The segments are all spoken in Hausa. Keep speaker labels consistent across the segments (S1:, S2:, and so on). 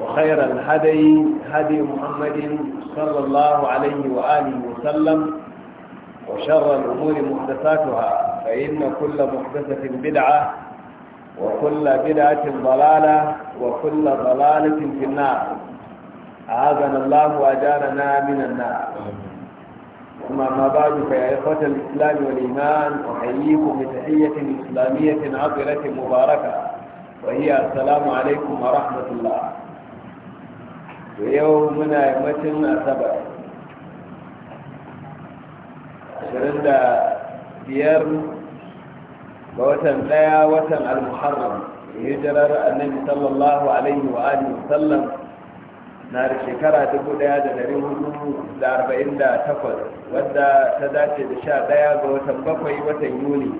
S1: وخير الهدي هدي محمد صلى الله عليه وآله وسلم وشر الأمور محدثاتها فإن كل محدثة بدعة وكل بدعة ضلالة وكل ضلالة في النار أعاذنا الله وأجارنا من النار أما ما بعد فيا إخوة الإسلام والإيمان أحييكم بتحية إسلامية عطرة مباركة وهي السلام عليكم ورحمة الله to yau muna yammacin asabar ashirin da biyar ga watan daya watan al-muharram hijirar annabi sallallahu alaihi wa alihi sallam na da shekara takwas, wadda ta dace da sha daya ga watan bakwai watan yuni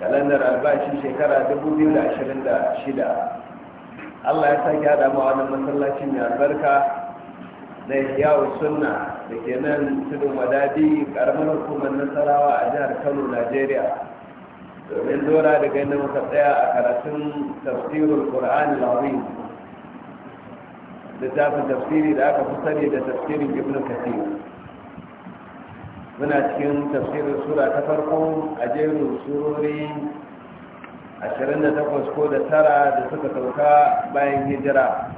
S1: kalandar albashi shekara shida. Allah ya sake hada mu wannan masallacin ya barka na Ihya'u Sunna da ke nan tudun wadadi karamar hukumar Nasarawa a jihar Kano, Najeriya. Domin dora da ganin muka tsaya a karatun tafsirul Qur'an al Littafin tafsiri da aka fi sani da tafsirin Ibn Kathir. Muna cikin tafsirin sura ta farko a jerin surori 28 ko da tara da suka sauka bayan hijira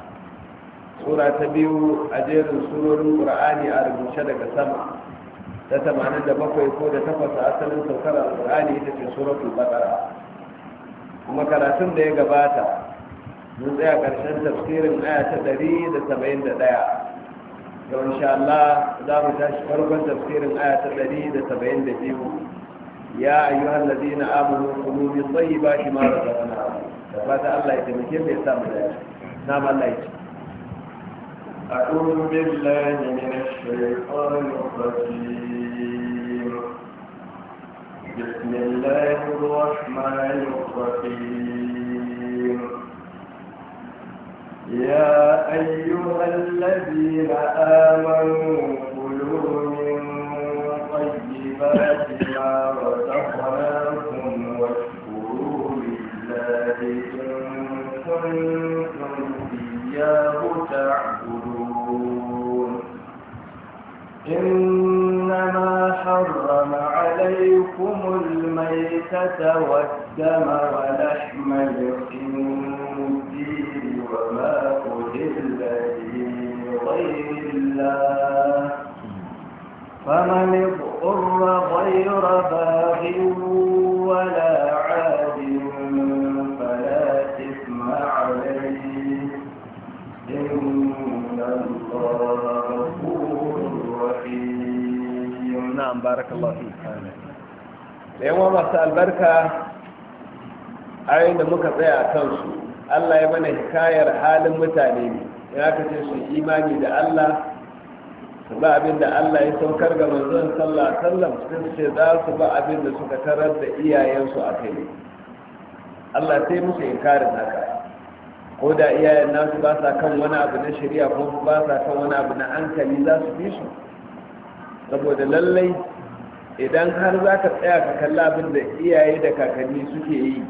S1: sura ta biyu a jerin surorin ƙur'ani a rubuce daga sama ta 87 ko da takwas a asalin saukar alƙur'ani ita ce suratul baqara kuma karatun da ya gabata mun tsaya ƙarshen tafsirin aya ta 171 yau insha Allah za mu tashi farkon tafsirin aya ta 172 يا أيها الذين آمنوا كلوا من طيبات ما رزقناكم
S2: فهذا الله يتمكن بإسلام الله نعم الله يتمكن أعوذ بالله من الشيطان الرجيم بسم الله الرحمن الرحيم يا أيها الذين آمنوا كلوا من طيبات ما إنما حرم عليكم الميتة والدم ولحم الخنزير وما أهل غير الله فمن اضطر غير باغ barakallahu
S1: masu albarka
S2: ayoyin da muka tsaya a
S1: kansu Allah ya mana hikayar halin mutane ne ya kace su imani da Allah su ba abin da Allah ya saukar ga manzon sallallahu alaihi wasallam sun ce za su ba abin da suka tarar da iyayensu a kai Allah sai musu inkarin haka ko da iyayen nasu ba sa kan wani abu na shari'a ko ba sa kan wani abu na hankali za su bi su saboda lallai idan har za ka tsaya ka kalla abin da iyaye da kakanni suke yi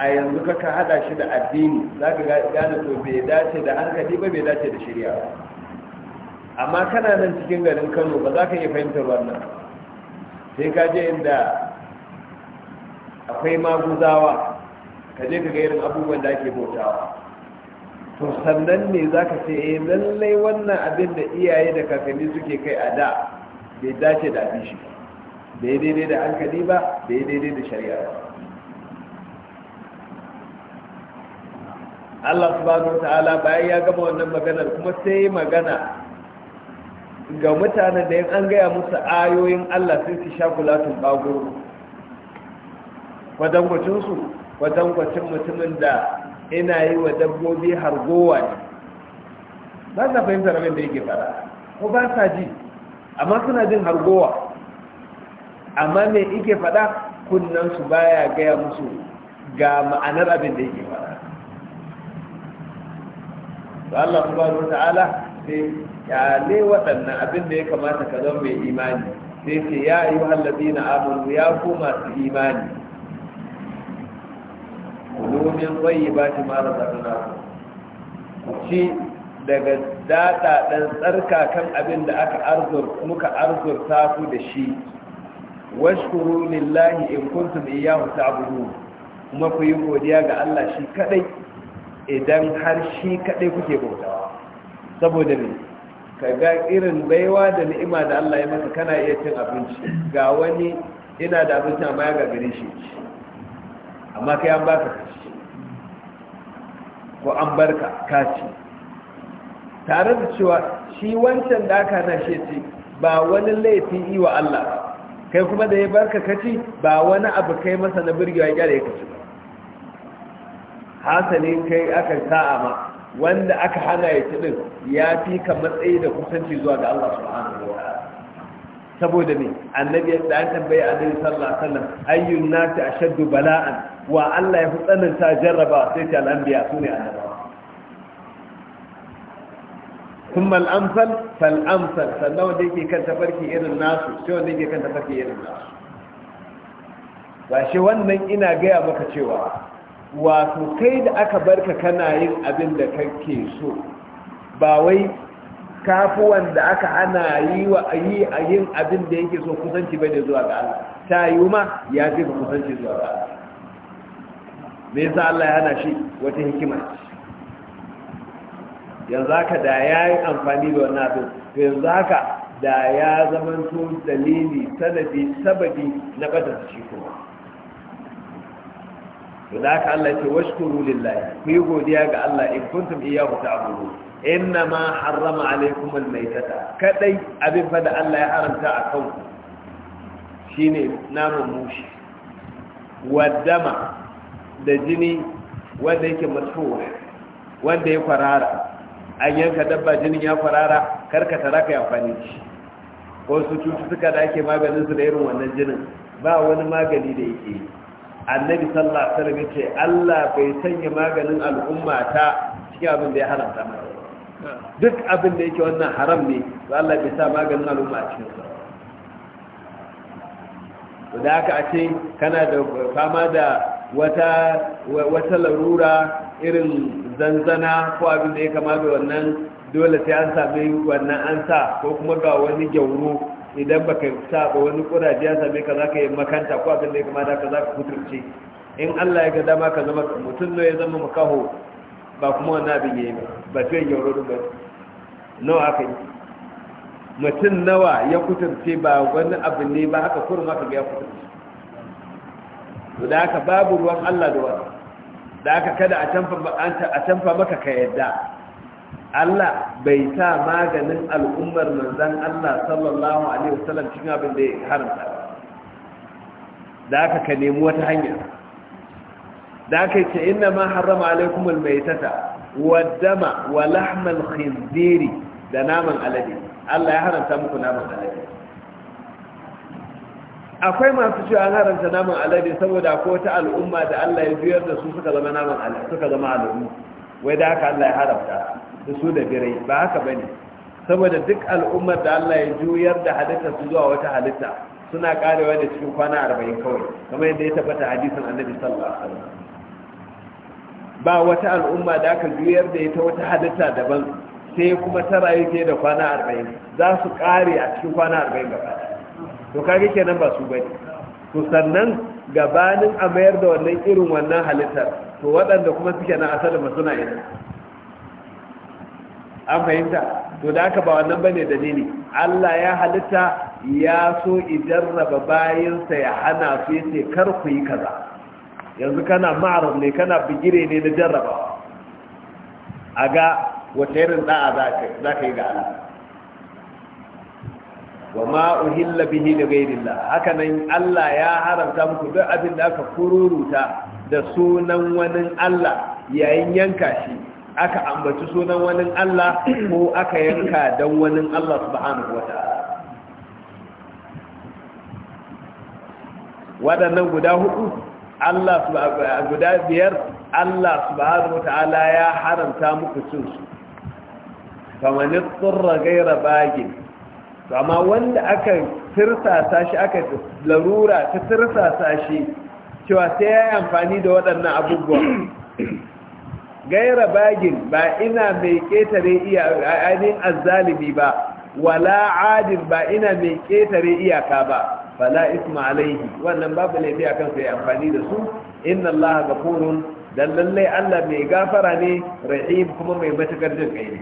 S1: a yanzu ka ka hada shi da addini za ka gane to bai dace da hankali ba bai dace da shirya amma kana nan cikin garin kano ba za ka iya fahimtar wannan sai ka je inda akwai maguzawa ka je ka ga irin abubuwan da ake bautawa to sannan ne za ka ce eh lallai wannan abin da iyaye da kakanni suke kai a da bai dace da abin shi ba daidai da hankali ba daidai da shari'a ba Allah subhanahu wa ta'ala bayan ya gama wannan maganar kuma sai magana ga mutanen da yin an gaya musu ayoyin Allah sai su sha kulatun bagoro kwatankwacinsu kwatankwacin mutumin da ina yi wa dabbobi hargowa ne ba sa fahimtar ramin da yake fara ko ba sa ji amma suna jin hargowa amma me yake faɗa kunnan su baya gaya musu ga ma'anar abin da yake faɗa to Allah subhanahu ta'ala sai ne waɗannan abin da ya kamata ka zama mai imani sai ce ya yi hallabina amanu ya ku masu imani domin tsayi ba shi mara ku ci daga tsarka tsarkakan abin da aka arzur muka ta ku da shi washkuru lillahi in kuntum iyyahu ta'budun kuma ku yi godiya ga Allah shi kadai idan har shi kadai kuke bautawa saboda ne kaga irin baiwa da ni'ima da Allah ya maka kana iya cin abinci ga wani ina da abinci amma ya gare shi amma kai an baka kashi ko an barka kaci tare da cewa shi wancan da aka na shi ce ba wani laifin yi wa Allah kai kuma da ya barka kaci ba wani abu kai masa na birgewa ya gyara ya kaci ba hasalin kai aka sa'a ma wanda aka hana ya ci din ya fi ka matsayi da kusanci zuwa ga Allah subhanahu wa saboda ne annabi ya da tambaye annabi sallallahu alaihi wasallam ayyun nasi ashaddu bala'an wa Allah ya fi tsananta jarraba sai ta lambiya sune annabawa ثم الأمثل فالأمثل فالله ديكي كان تفركي إلى الناس شو ديكي كان تفركي إلى الناس wannan ina إنا جاء maka cewa wato kai da aka barka kana yin abin da kake so ba wai kafi wanda aka ana yi wa yi a yin abin da yake so kusanci bai da zuwa ga Allah ta yi ma ya fi kusanci zuwa ga Allah me yasa Allah ya hana shi wata hikima ce yanzu haka da ya yi amfani da wannan abin to yanzu haka da ya zamanto dalili sanadi sababi na bada shi kuma to da haka Allah ce washkuru lillahi ku yi godiya ga Allah in kuntum ta ta'budun inna ma harrama alaikum al-maytata kadai abin fa da Allah ya haramta a kan ku shine namun mushi wadama da jini wanda yake masfuwa wanda ya kwarara an yanka dabba jinin ya farara karka tara kai amfani shi ko su cututtuka da ake maganin su da irin wannan jinin ba wani magani da yake annabi sallallahu alaihi wasallam ce Allah bai sanya maganin al'umma ta cikin abin da ya haramta ba duk abin da yake wannan haram ne to Allah bai sa maganin al'umma a cikin sa to da haka a ce kana da fama da wata wata larura irin zanzana ko abin da ya kama da wannan dole sai an sami wannan an sa ko kuma ga wani gyauro idan baka sa ba wani kuraje an same ka ka yi makanta ko abin da ya kama da ka ka kuturce in Allah ya ga dama ka zama mutum ne ya zama makaho ba kuma wani abin ya yi ba sai gyauro ba nawa aka yi mutum nawa ya kuturce ba wani abin ne ba haka kurma ka ga ya kuturce to da haka babu ruwan Allah da wani da haka kada a canfa maka ka yadda Allah bai ta maganin al'ummar manzan Allah sallallahu Alaihi wasallam cikin abin da ya haramta da aka ka nemi wata hanya da aka ce ina ma harama alaikumul mai tata waddama wa lahmal khinziri da naman alade Allah ya haramta muku naman alade akwai masu cewa an haramta naman alade saboda ko ta al'umma da Allah ya juyar da su suka zama naman alade suka zama alade wai da haka Allah ya haramta da su da birai ba haka bane saboda duk al'ummar da Allah ya juyar da halitta su zuwa wata halitta suna karewa da cikin kwana arba'in kawai kamar yadda ya tabbata hadisin annabi sallallahu alaihi wasallam ba wata al'umma da aka juyar da ita wata halitta daban sai kuma ta rayu da kwana arba'in za su kare a cikin kwana arba'in gaba ɗaya to kage kenan ba su bane to sannan gabanin a mayar da wannan irin wannan halittar to waɗanda kuma suke na asali ba suna ina an fahimta to da aka ba wannan bane dalili Allah ya halitta ya so idan raba bayansa ya hana su yace kar ku yi kaza yanzu kana ma'aruf ne kana bigire ne na jarrabawa a ga wata irin da'a za ka yi ga Allah wa ma bihi da gairillah haka nan Allah ya haramta muku duk abin da aka kururuta da sunan wani Allah yayin yanka shi aka ambaci sunan wani Allah ko aka yanka don wani Allah subhanahu wata'ala waɗannan guda hudu Allah guda biyar Allah subhanahu wata'ala ya haramta muku cinsu su famanit tsirra gaira bagin amma wanda aka tirsasa shi aka larura ta tirsasa shi cewa sai ya yi amfani da waɗannan abubuwan gaira bagin ba ina mai ƙetare ainihin azzalimi ba wala adin ba ina mai ƙetare iyaka ba fala isma alaihi wannan babu laifi a kansa ya amfani da su inna allaha gafurun dan lallai allah mai gafara ne rahim kuma mai matukar jin kai ne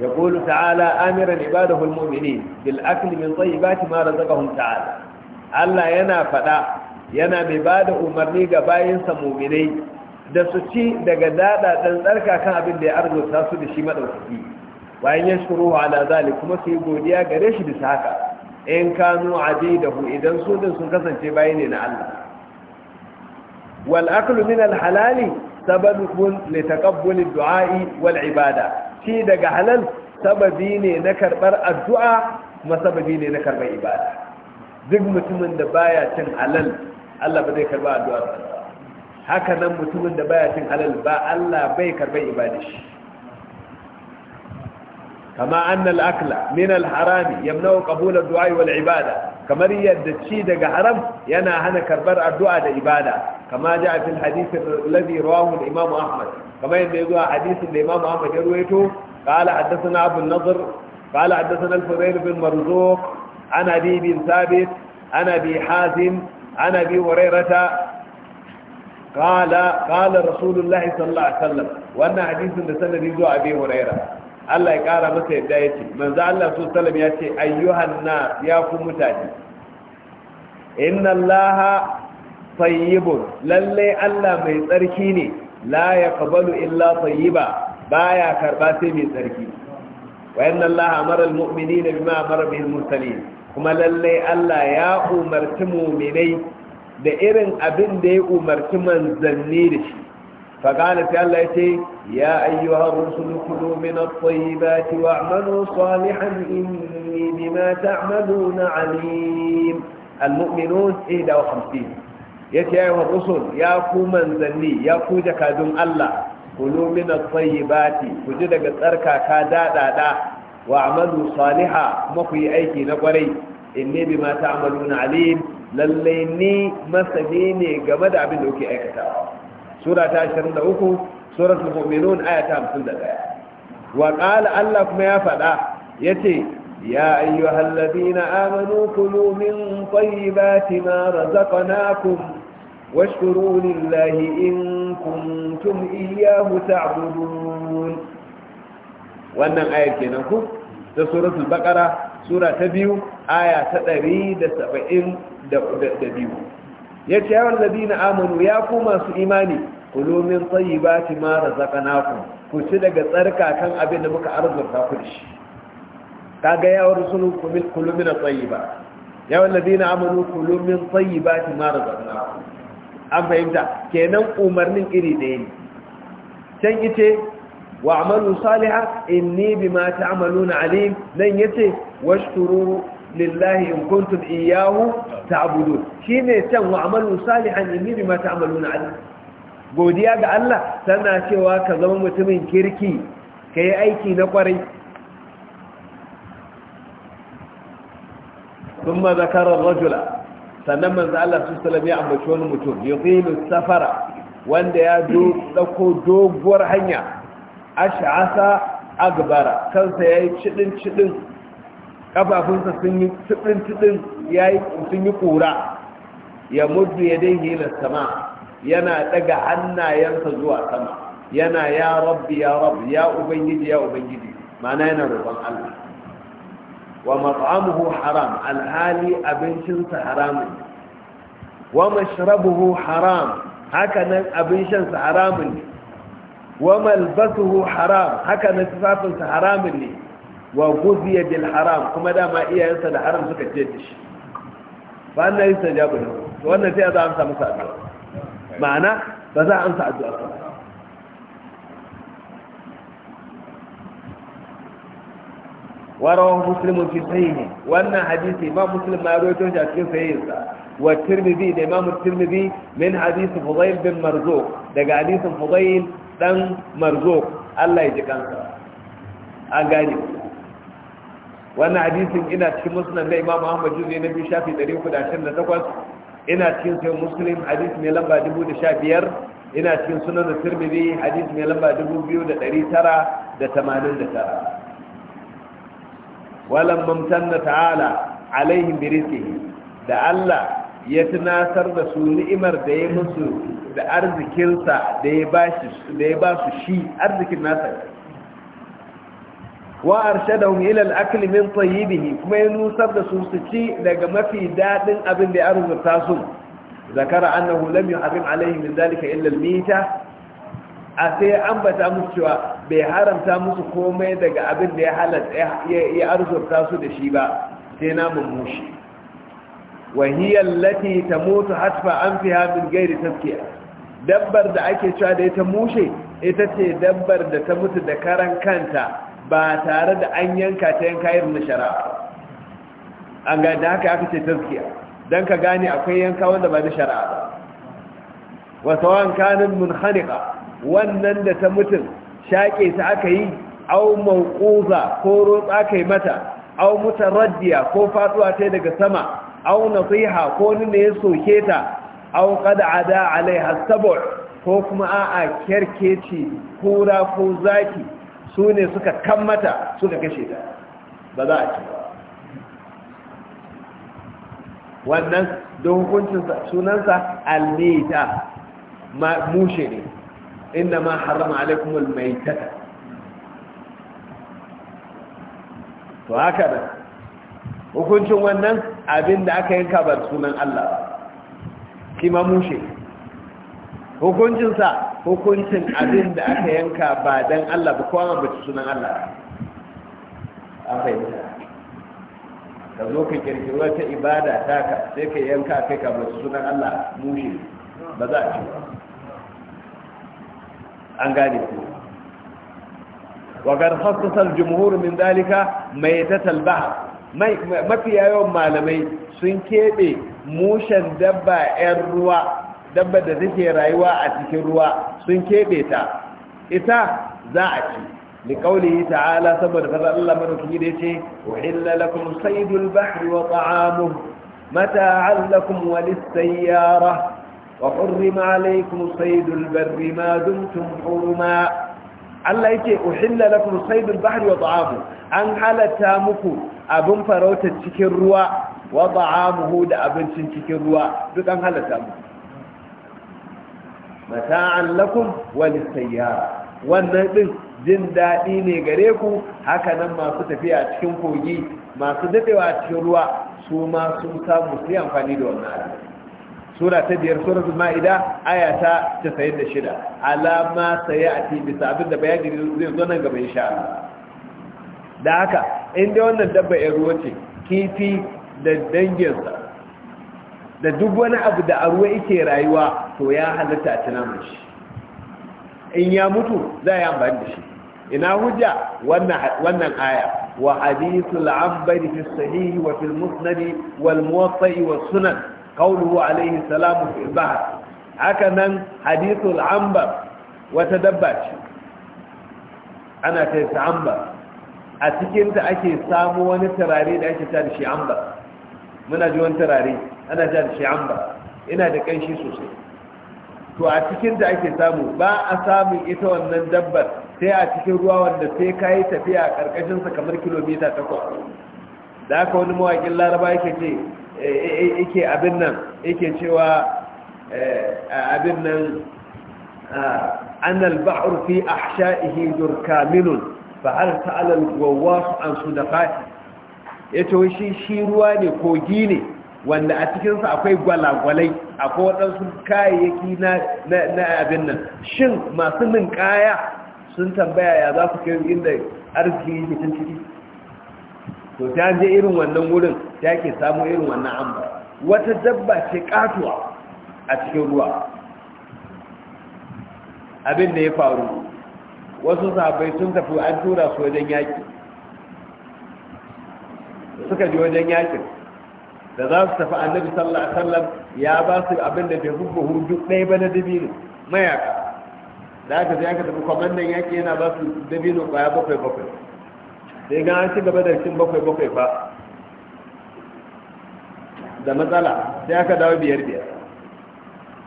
S1: يقول تعالى آمرا عباده المؤمنين بالأكل من طيبات ما رزقهم تعالى Allah yana faɗa yana mai ba da umarni ga bayansa muminai da su ci daga dada ɗan tsarka kan abin da ya arzuta su da shi maɗaukaki bayan ya shuru ala zali kuma su yi godiya gare shi bisa haka in kanu adidahu da hu idan su din sun kasance bayi ne na Allah wal aklu min al halali sababun li taqabbul du'a'i wal ibada ci daga halal sababi ne na karɓar addu'a kuma sababi ne na karɓar ibada duk mutumin da baya cin halal Allah ba zai karɓar addu'a haka nan mutumin da baya cin halal ba Allah bai karɓar ibada shi kama annal akla min al harami yamna'u qabul ad-du'a wal ibada kamar yadda ci daga haram yana hana karbar addu'a da ibada kama ja'a fil hadith alladhi rawahu al-imam ahmad kamar yadda ya zo a hadisin da Imam Ahmad ya ruwaito qala haddathana Abu Nadhr qala haddathana Al-Fudayl bin Marzuq ana Abi bin Thabit ana ana قال قال رسول الله صلى الله عليه وسلم wannan hadisin da sanadi zuwa abi huraira Allah ya kara masa yadda yace manzo Allah su sallam ya ce ayyuhan nas ya ku mutane inna allaha tayyibun lalle Allah mai tsarki ne la yaqbalu illa tayyiba baya karba sai mai tsarki wa inna allaha amara almu'minina bima amara bihi almursalin kuma lalle Allah ya umarci mu'minai da irin abin da ya umarci manzanni da shi فقال تعالى يتي يا أيها الرسل كلوا من الطيبات واعملوا صالحا إني بما تعملون عليم المؤمنون 51 ya ce yayin rusul ya ku manzanni ya ku jakadun Allah kulu min at-tayyibati ku ji daga tsarkaka dadada wa amalu saliha kuma ku yi aiki na kwarai inni bima ta'maluna alim lalle ni masani ne game da abin da kuke aikata. sura ta 23 suratul mu'minun aya ta 51 wa qala Allah kuma ya faɗa yace يا أيها الذين آمنوا كلوا من طيبات ما رزقناكم واشكروا لله إن كنتم إياه تعبدون wannan ayar kenan ku ta suratul baqara sura ta biyu aya ta 172 yace ya wallazina amanu ya ku masu imani kulu min tayyibati ma razaqnakum ku ci daga tsarkakan abin da muka arzurta ku dashi kaga ya rusulu kulu min tayyiba ya wallazina amanu kulu min tayyibati ma razaqnakum an fahimta kenan umarnin iri ɗaya ne can yace wa amalu salihan inni bima ta'maluna alim nan yace washkuru lillahi in kuntum iyyahu ta'budun shine can wa amalu salihan inni bima ta'maluna alim godiya ga Allah tana cewa ka zama mutumin kirki ka aiki na kwarai sun mazakarar rajula sannan manzo Allah su sallam ya ambaci wani mutum yuqilu safara wanda ya dauko doguwar hanya ash'asa agbara kansa yayi cidin cidin kafafunsa sun yi cidin cidin yayi sun yi kura ya mudu ya yadayhi ila sama yana daga hannayensa zuwa sama yana ya rabbi ya rabbi ya ubangiji ya ubangiji ma'ana yana roƙon Allah wa mat'amuhu haram alhali abincinsa haramun wa mashrabuhu haram haka nan abin shansa haramun ne wa malbasuhu haram haka nan tufafinsa haramun ne wa guziya bil haram kuma dama iyayensa da haram suka ce da shi fa annabi sai ya gudu wannan sai za a amsa masa addu'a ma'ana ba za a amsa addu'a ورواه مسلم في صحيحه وأن حديث إمام مسلم ما رويته في صحيحه والترمذي الإمام الترمذي من حديث فضيل بن مرزوق ده حديث فضيل بن مرزوق الله يجزاه an gane wannan hadisin ina cikin muslim na imam ahmad juzi na 328 ina cikin sai muslim hadis mai lamba 2015 ina cikin sunan da tirmidhi hadis mai lamba 2989 walan mamtanna ta'ala alaihim bi rizqihi da Allah ya tunasar da su ni'imar da ya musu da arzikinsa da ya bashi da ya ba su shi arzikin nasa wa arshadahum ila al min tayyibihi kuma ya nusar da su su ci daga mafi dadin abin da ya arzuta su zakara annahu lam yuharrim alaihim min zalika illa al-mita a sai ambata musu cewa bai haramta musu komai daga abin da ya halatta ya arzurta su da shi ba sai namun mushi wahiyar lati ta mutu hatfa an fi hamin gairi taskiya dabbar da ake cewa da ita mushe ita ce dabbar da ta mutu da karan kanta ba tare da an yanka ta yanka irin na shara'a an ga da haka aka ce taskiya don ka gane akwai yanka wanda ba na shara'a ba wasu wankanin munhanika wannan da ta mutum shaƙe ta aka yi au mawquza ko rotsa kai mata au mutaraddiya ko faduwa ta daga sama au nasiha ko ne ya soke ta au qad ada alaiha sabur ko kuma a'a kerkeci kura ko zaki su ne suka kammata suka kashe ta ba za a ci ba wannan don hukuncin sunansa almita mushe ne إنما حرم عليكم الميتة وهكذا to haka da hukuncin wannan abin aka yanka ba sunan Allah kima mushe hukuncinsa hukuncin abin aka yanka ba dan Allah ba ka zo ka wata ibada ta ka sai ka yanka kai ka bar sunan Allah mushe ba za a ci ba an gane ku wagar hassasar min dalika mai tattal talba mafi yawan malamai sun keɓe mushen dabba 'yan ruwa dabba da take rayuwa a cikin ruwa sun keɓe ta ita za a ci liƙaunihi ta'ala saboda fara Allah maruki da ce wa'illa lakum saidul bahri wa ta'amuhu mata'an lakum wa وحرم عليكم صيد البر ما دمتم حرما الله bahri wa an halata muku abin farautar cikin ruwa wa ta'amuhu da abincin cikin jin daɗi ne gare haka nan masu tafiya cikin kogi masu daɗewa cikin ruwa su ma amfani da sura ta biyar suratul ma'ida aya ta shida, alama sayati bisa abinda bayani zai zo nan gaba sha Allah da haka inda wannan dabba ya ruwa ce kifi da danginsa da duk wani abu da a ruwa yake rayuwa to ya halatta a tunamin shi in ya mutu za a yi amfani da shi ina hujja wannan aya wa hadithul ambari fi sahihi wa fil musnadi wal muwatta'i sunan قوله عليه السلام في البحر هكذا حديث العنبر وتدبج انا كيف عنبر اتكنت اكي سامو وني تراري دا اكي تاد شي عنبر من اجي وني تراري انا تاد شي عنبر ina da kanshi sosai to a cikin ake samu ba a samu ita wannan dabbar sai a cikin ruwa wanda sai kayi tafiya a karkashin kamar kilomita takwas da aka wani mawaƙin laraba yake ce eh, eh, eh, yake abin nan yake cewa abin nan annal ba'ur fi ahsha'ihi durkaminun fa har ta'ala al-ghawas an sudaqati Ya wai shi shi ruwa ne kogi ne wanda a cikinsa akwai akwai gwalagwalai akwai waɗansu kayayyaki na abin nan shin masu ninkaya sun tambaya ya za su kai inda arziki yake cin ciki to ta je irin wannan wurin ta ke samu irin wannan amma. wata dabba ce katuwa a cikin ruwa abin da ya faru wasu sahabbai sun tafi an tura su wajen yaƙi suka ji wajen yaƙin, da za su tafi annabi sallallahu alaihi wasallam ya ba su abin da ke hukun hudu ɗaya ba na dabino mayaka da aka je aka tafi kwamandan yaƙi yana ba su dabino ya bakwai bakwai sai ga an ci gaba da cin bakwai bakwai ba da matsala sai aka dawo biyar biyar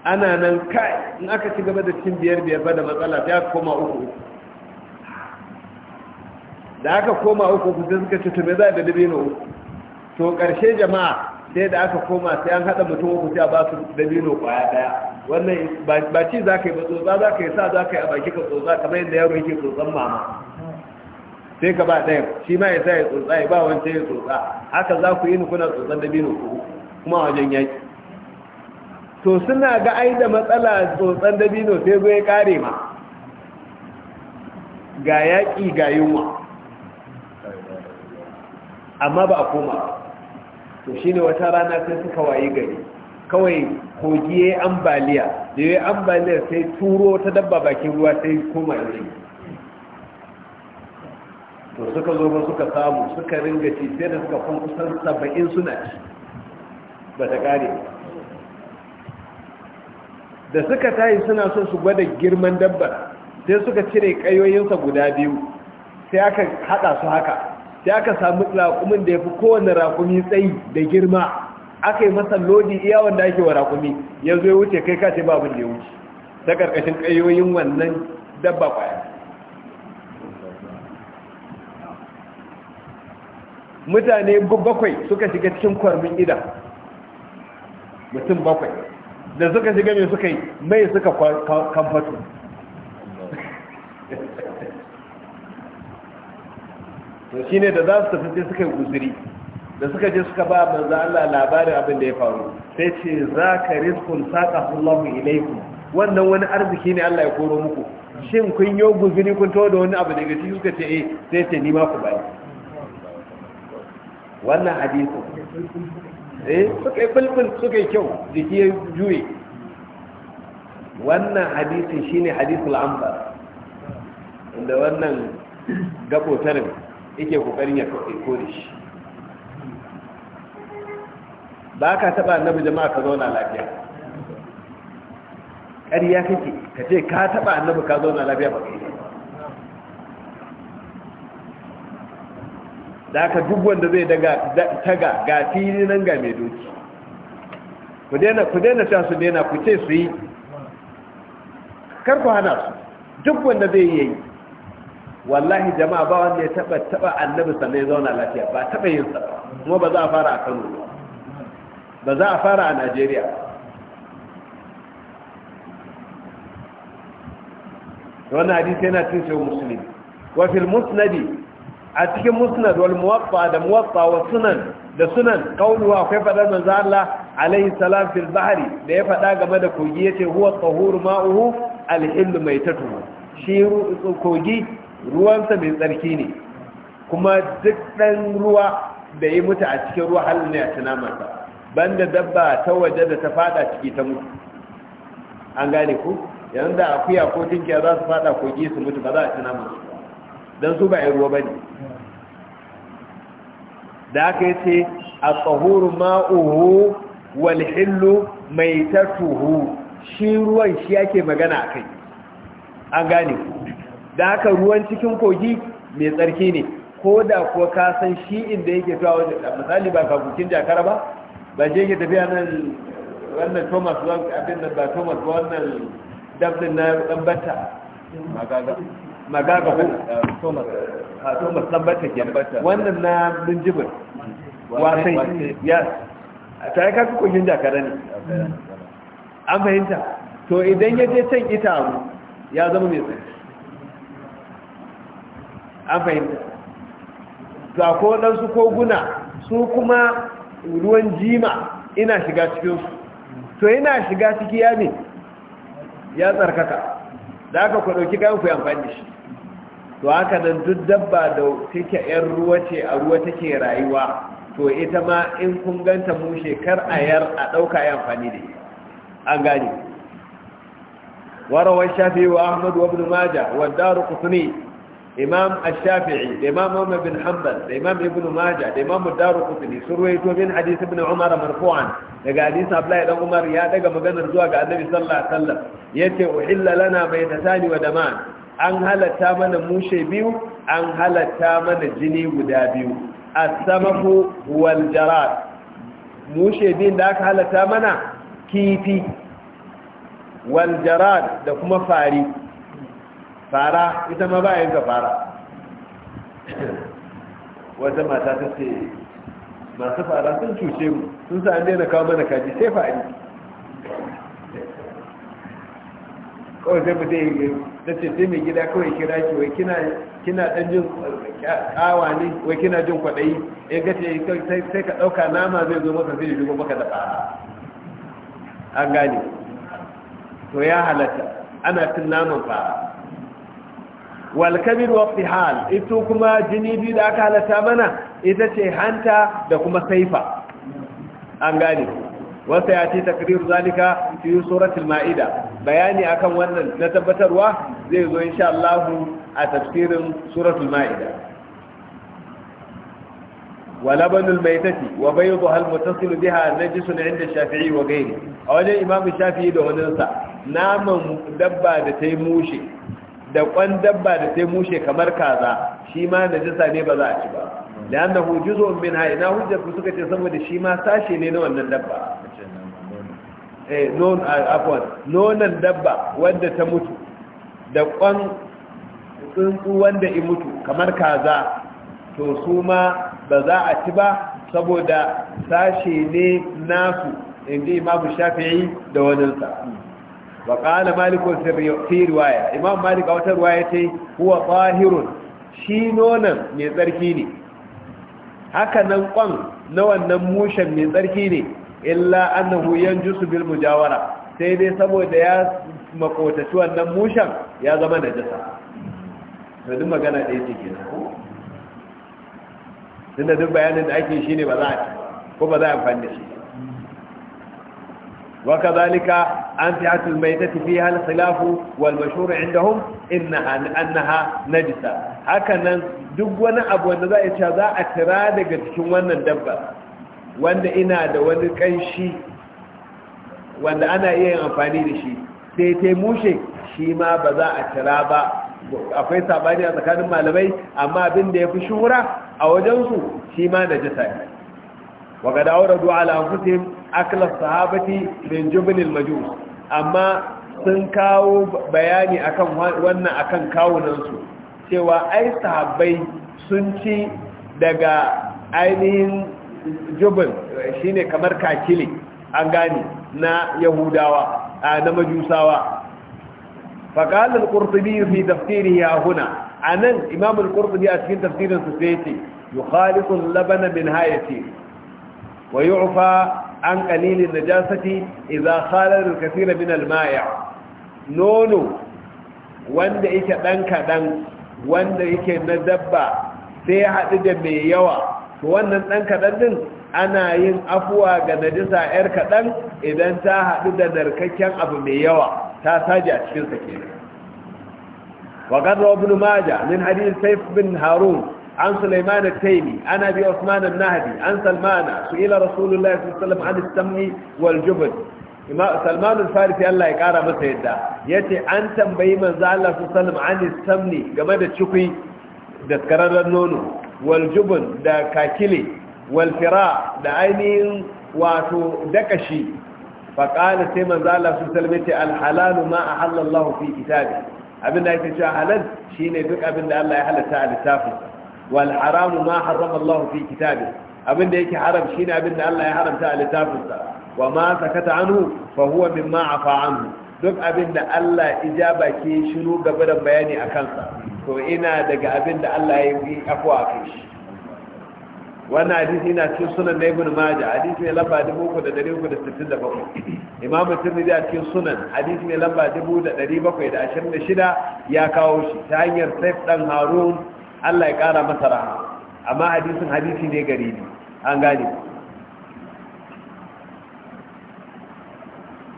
S1: ana nan kai in aka ci gaba da cin biyar biyar ba da matsala sai aka koma uku da aka koma uku ku sai suka cutu me za da dabino to karshe jama'a sai da aka koma sai an haɗa mutum uku sai a ba su dabino kwaya daya wannan ba ci za ka yi ba tsotsa za ka yi sa za ka yi a baki ka tsotsa kamar yadda yaro yake tsotsan mama sai ka ba shi ma ya sa ya tsotsa ya ba wancan ya tsotsa haka za ku yi ni kuna tsotsan dabino ku kuma wajen yaki to suna ga ai da matsala tsotsan dabino sai zo ya kare ma ga yaƙi ga yunwa amma ba a koma to shine wata rana sai suka wayi gari kawai kogi ambaliya da ya ambaliya sai turo ta dabba bakin ruwa sai koma yanzu to suka zo suka samu suka ringa ci sai da suka kun kusan saba'in suna ci ba ta kare da suka tayi suna so su gwada girman dabbar sai suka cire kayoyinsa guda biyu sai aka hada su haka sai aka samu raƙumin da ya fi kowane raƙumi tsayi da girma aka yi masa lodi iya wanda ake wa raƙumi ya ya wuce kai kace babin da ya wuce ta ƙarƙashin ƙayoyin wannan dabba ƙwaya mutane bakwai suka shiga cikin kwarmin idan mutum bakwai da suka shiga mai suka yi mai suka kamfato to shi ne da za su tafi sai suka yi guziri da suka je suka ba manzan Allah labarin abin da ya faru sai ce za ka rizkun saƙa Allahu ilaiku. wannan wani arziki ne Allah ya koro muku shin kun yi guziri kun tawo da wani abu daga ciki suka ce eh sai ce ni ma ku bayi wannan hadisu eh suka yi bulbul suka yi kyau jiki ya juye wannan shi shine hadisul ambar inda wannan gabotarin yake kokarin ya kore shi ba ka taba annabi jama'a ka zauna lafiya ya kake ka ce ka taba annabi ka zauna lafiya ba kai da aka duk wanda zai daga taga ga fili nan ga mai doki ku daina ku ta su daina ku ce su yi kar ku hana su duk wanda zai yi wallahi jama'a ba wanda ya taba taba annabi sannan ya zauna lafiya ba taba yin sa kuma ba za a fara a Kano ba Ba za a fara a Najeriya wannan hadisi yana cin shi musulmi wa fil musnadi a cikin musnad wal muwaffa da muwaffa wa sunan da sunan kauluwa akwai fadar manzo Allah alaihi salam fil bahri da ya fada game da kogi yace huwa tahuru ma'uhu al mai tatu shi kogi ruwansa mai tsarki ne kuma duk dan ruwa da yi mutu a cikin ruwa hal ne a masa banda dabba ta waje da ta fada ciki ta mutu an gane ku yanda da akuya ko tinkiya za su fada kogi su mutu ba za a masa don su ba ‘yan ruwa ba ne da aka yi ce a tsohuru ma'uhu walhillu mai tattuhu shi ruwan shi ake magana a kai an gane da aka ruwan cikin kogi mai tsarki ne ko da kuwa ka san shi inda yake zuwa wajen misali ba kabukin jakara ba ba shi yake tafiya nan wannan thomas abin nan ba thomas wannan dabdin na ɗan bata magaga magaga ko thomas ah, thomas lambata ke wannan na minjibir wasai yes ta yi kaka kungin jakara ne an fahimta to idan ya je can ita abu ya zama mai tsaye an fahimta za ko ɗansu koguna su kuma ruwan jima ina shiga cikinsu to ina shiga ciki ya ne ya tsarkaka da aka ku kayan ku amfani shi to haka nan duk dabba da take yan ruwa ce a ruwa take rayuwa to ita ma in kun ganta mu shekar a yar a ɗauka yan amfani da ita an gane warawa shafi wa ahmad wa ibn majah wa daruqutni imam ash-shafi'i da imam ahmad bin hanbal da imam ibn majah da imam daruqutni qutni sun ruwaito min hadith ibn umar marfu'an daga hadith abdullahi dan umar ya daga maganar zuwa ga annabi sallallahu alaihi wasallam yace uhilla lana baytatani wa daman an halatta mana mushe biyu an halatta mana jini guda biyu as-samahu wal jarad mushe biyun da aka halatta mana kifi wal jarad da kuma fari fara ita ma ba yanka fara wata mata ta ce masu fara sun cuce mu sun sa an daina kawo mana kaji sai fari kawai zai mutum ya da ce sai mai gida kawai kira ki wai kina dan jin kawa ne wai kina jin kwaɗayi ya gace sai ka ɗauka nama zai zo maka zai dubo maka da ƙara an gane to ya halatta ana cin naman fara walkabir wa fihal ito kuma jini biyu da aka halatta mana ita ce hanta da kuma saifa an gane wasa ya ce takrir zalika fiye suratul ma'ida bayani akan wannan na tabbatarwa zai zo insha Allah a tafsirin suratul ma'ida ولبن الميتة وبيضها المتصل بها نجس عند الشافعي وغيره أولا إمام الشافعي ده وننسى نام دبا ده تيموشي da kwan dabba da sai mushe kamar kaza shi ma najasa ne ba za a ci ba da annahu juz'un minha ina hujjar ku suka ce saboda shi ma sashe ne na wannan dabba Eh, ah, nonon dabba wadda ta mutu da kwan tsuntsu wanda i mutu kamar kaza to su ma ba za a ci ba saboda sashe ne nasu inda imamu yi da waninsa ba ƙala malikun fi riwaya imam malik a wata riwaya yi kuwa tsahirun shi nonon mai tsarki ne haka nan kwan na wannan mushen mai tsarki ne illa annahu yanjusu bil mujawara sai dai saboda ya makotaci wannan mushan ya zama najasa to duk magana da yake kenan ko tunda duk bayanin da ake shine ba za a ko ba za a amfani da shi annaha أنفعة الميتة فيها الخلاف والمشهور عندهم إنها أنها نجسة هكذا za a النزاء daga cikin wannan الدبا wanda ina da wani kanshi wanda ana iya yin amfani da shi sai ta mushe shi ma ba za a cira ba akwai sabani a tsakanin malamai amma abin da ya fi shura a wajensu shi ma na jisa ne waga da aure ala anfusihim akla sahabati min jubil majus amma sun kawo bayani akan wannan akan kawunan su cewa ai sahabbai sun ci daga ainihin jubin shi ne kamar kakili an gani na yahudawa na majusawa faƙalar alƙurtubi fi tafsiri ya huna a nan imamun alƙurtubi a cikin tafsirinsu sai ce yi khalisun labana bin haya ce wa yi an ƙalilin da jasafi iza khalar kasira min almaya nono wanda yake ɗan kaɗan wanda yake na dabba sai haɗu da mai yawa to wannan ɗan kaɗan ɗin ana yin afuwa ga najisa 'yar kaɗan idan ta haɗu da narkakken abu mai yawa ta saji a cikin sake wa gadda wa maja min hadin saif bin harun an suleiman taimi ana bi osman bin nahdi an salmana su ila rasulullahi sallallahu alaihi wasallam an istamni wal jubd imam salman al farisi allah ya kara masa yadda yace an tambayi manzo allah sallallahu alaihi wasallam an istamni game da cikui da kararren nono waljubun da kakile walfira da ainihin wato dakashi faƙala sai manzo Allah su salmace alhalalu ma a halallahu fi kitabi abin da yake cewa halal shine duk abin da Allah ya halatta a littafin walharamu ma harrama Allah fi kitabi abin da yake haram shine abin da Allah ya haramta a littafin wa ma sakata anhu fa huwa mimma afa anhu duk abin da Allah ijaba ke shiru gaba da bayani a kansa. to ina daga abin da Allah ya yi afuwa a kai shi wannan hadisi ina cikin sunan na ibn majah hadisi mai lamba 3367 imam tirmidhi a cikin sunan hadisi mai lamba 7726 ya kawo shi ta hanyar saif dan harun Allah ya kara masa rahama amma hadisin hadisi ne gari ne an gane ku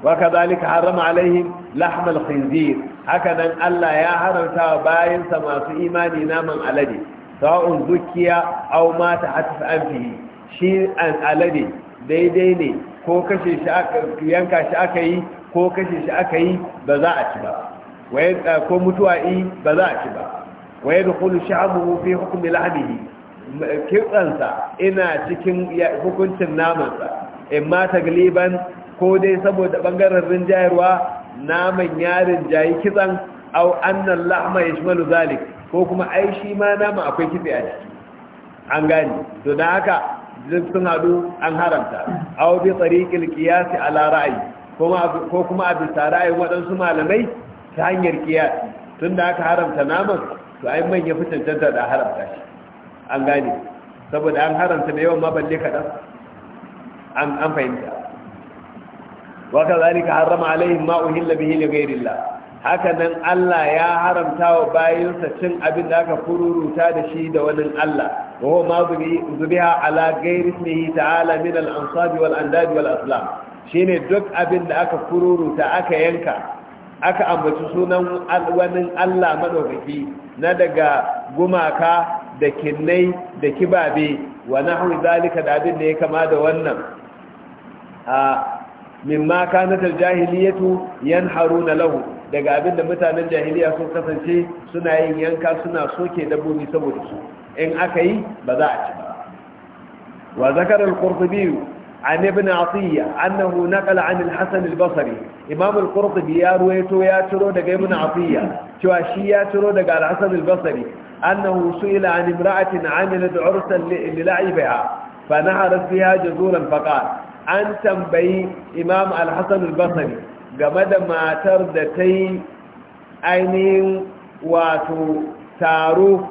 S1: وكذلك حرم عليهم لحم الخنزير هكذا ألا يا حرمتا باين سما في إيماني ناما ألدي سواء ذكيا أو مات حتى في أنفه شيء أن ألدي ديديني ko kashe shi aka yanka shi aka yi ko kashe shi aka yi ba za a ci ba ko mutuwa yi ba za a ci ba waye da kulu sha'abu fi hukumi lahadihi kitsansa ina cikin hukuncin namansa in mata tagliban ko dai saboda bangaren rinjayarwa naman yarin jayi kitsan au annan lahma ya shimalu zalik ko kuma ai shi ma nama akwai kitse a ciki an gani to da haka sun hadu an haramta au bi tsariƙil ƙiyasi ala ra'ayi ko kuma a bisa ra'ayin waɗansu malamai ta hanyar ƙiyasi tun da aka haramta naman to ai man ya fi cancanta da haramta shi an gane saboda an haramta da yawan maballe kaɗan an fahimta wa kazalika harrama alaihim ma uhilla bihi li ghayrillah haka nan Allah ya haramta wa bayinsa cin abin da aka kururuta da shi da wani Allah wa huwa ma zubiha ala ghairi ismihi ta'ala min al-ansab wal andad wal aslam shine duk abin da aka kururuta aka yanka aka ambaci sunan wani Allah madaukaki na daga gumaka da kinnai da kibabe wa nahwi zalika da abin da ya kama da wannan a mimma kanatar jahiliyatu haruna lahu daga abinda mutanen jahiliya sun kasance suna yin yanka suna soke dabbobi saboda su in aka yi ba za a ci ba wa al an ibn atiya annahu naqala an al-hasan al-basri imam al-qurtubi ya ruwaito ya ciro daga ibn atiya cewa shi ya ciro daga al-hasan al-basri annahu su'ila an imra'atin 'amilat 'ursan li la'ibiha fa naharat fiha jazuran faqala an tambayi imam al-hassan al-basari game da matar da ta yi ainihin wato taro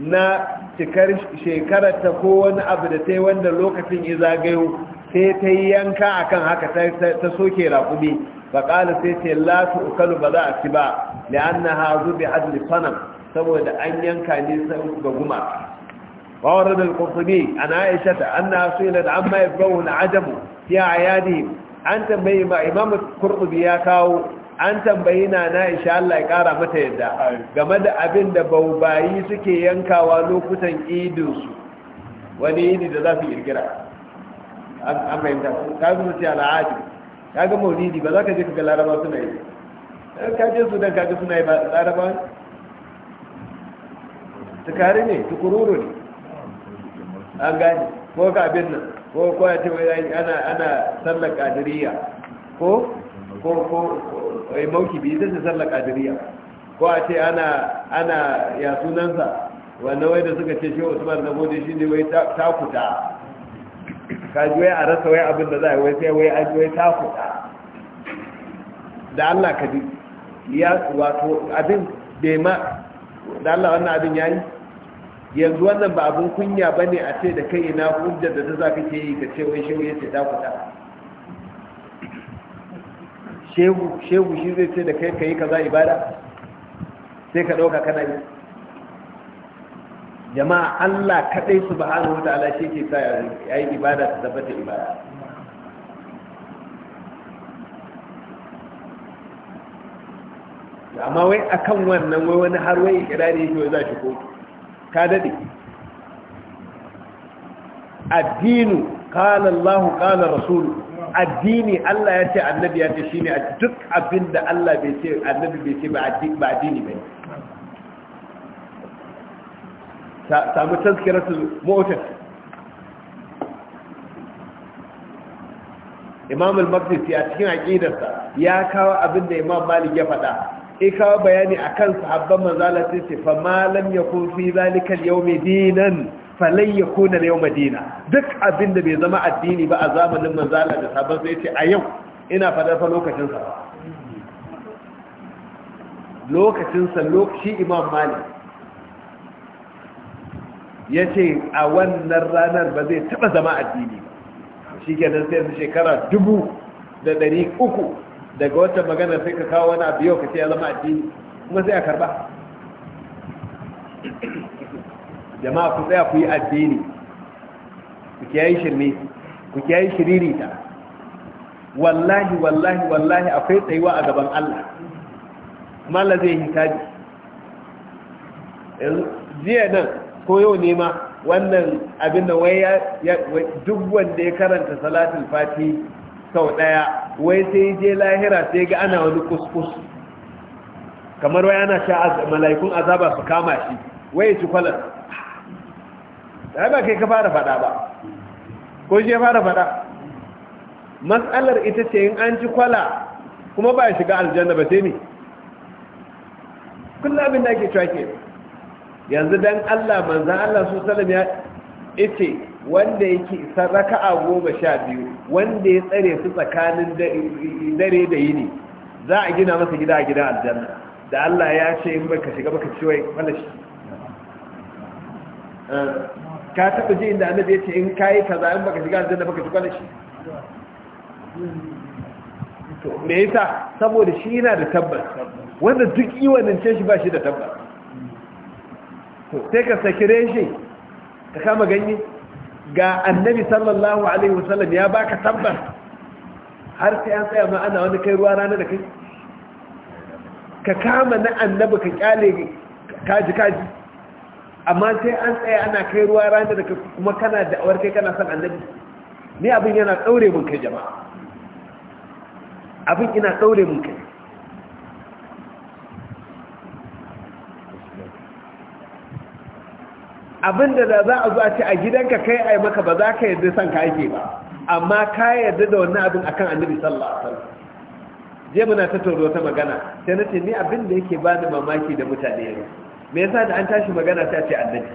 S1: na cikar shekararta ko wani abu da ta yi wanda lokacin ya zagayo sai ta yi yanka akan haka ta soke raƙumi ba ƙala sai ce lati ukalu ba za a ci ba da an na hazu bi hajji saboda an yanka ne ga guma. وورد القرطبي عن عائشة أنها سئلت عما يفقه العجم في أعيادهم أن تنبيه إمام القرطبي يا كاو an tambayi na na insha Allah ya kara mata yadda game da abin da baubayi suke yankawa lokutan idinsu wani idi da za su kirkira an fahimta ka zuwa ce al'adu ka ga maulidi ba za ka je ka ga laraba suna yi ka je su dan suna yi ba laraba tukari ne tukururu ne an gani ko ka abin nan ko ko ya ce wai ana ana sallar kadiriya ko ko ko ai mauki bi zai sallar kadiriya ko a ce ana ana ya sunansa wanda wai da suka ce shi Usman na gode shi ne wai takuta ka ji wai a rasa wai abin da za a wai sai wai a ji wai takuta da Allah ka ji ya wato abin bai ma da Allah wannan abin yayi yanzu wannan ba abin kunya ba ne a ce da kai ina hujjar da ta za ka ke yi ka ce wai shehu ya ce dakuta shehu shehu shi zai ce da kai ka yi ka za ibada sai ka ɗauka kana yi jama'a allah kaɗai su ba'anu wata ala shi ke sa ya yi ibada ta tabbata ibada amma wai akan wannan wai wani har wai ikirari yake wai za shi kotu ka dade addinu qala Allah qala rasul addini Allah ya ce annabi ya ce shine duk abinda Allah bai ce annabi bai ce ba addini ba addini bane samu tazkiratul mu'tad imam al-maqdisi a cikin aqidarsa ya kawo abinda imam malik ya faɗa Ika bayani akan sahabban manzo Allah sai ce fa ma lam yakun fi zalika al-yawmi dinan duk abin da bai zama addini ba a zamanin Manzala da sahabban sai ce a yau ina fadar fa lokacin sa lokacin lokaci Imam Malik yace a wannan ranar ba zai taba zama addini ba shikenan sai shekara dubu da ɗari uku daga wata magana sai ka kawo wani abu yau ka ce ya zama addini kuma sai a karba jama'a ku tsaya ku yi addini ku kiyaye shirme ku kiyaye ta. wallahi wallahi wallahi akwai tsayuwa a gaban Allah kuma Allah zai hisabi jiya nan ko yau ne ma wannan abin da wai duk wanda ya karanta salatul fati sau ɗaya wai sai je lahira sai ga ana wani kuskus kamar wai ana sha mala'ikun azaba su kama shi wai ci kwalar da ba kai ka fara faɗa ba ko shi ya fara faɗa matsalar ita ce in an ci kwala kuma ba ya shiga aljanna ba sai ne kullum abin da ake tracking ke yanzu don allah manzan allah su salam ya ce wanda yake raka'a goma sha biyu wanda ya tsare su tsakanin dare da yini za a gina masa gida a gidan aljanna da Allah ya ce in baka shiga baka ci wai mana shi eh, ka taɓa ji inda annabi ya ce in kai kaza in baka shiga aljanna baka ci mana shi to me yasa saboda shi yana da tabbas wanda duk iwanin ce shi ba shi da tabbas to sai ka sakire shi ka kama ganye ga annabi sallallahu alaihi wasallam ya baka tabbar har sai an tsaya ma ana wani kai ruwa rana da kai ka kama na annabi ka kyale kaji kaji amma sai an tsaya ana kai ruwa rana da kai kuma kana da awar kai kana son annabi ni abin yana daure mun kai jama'a abin ina daure mun kai abinda da za a zo a ce a gidanka kai yi maka ba za ka yarda san ka ake ba amma ka yarda da wannan abin akan annabi sallallahu alaihi wasallam je muna ta tauro ta magana sai na ce ni abin da yake bani mamaki da mutane yau me yasa da an tashi magana sai a ce annabi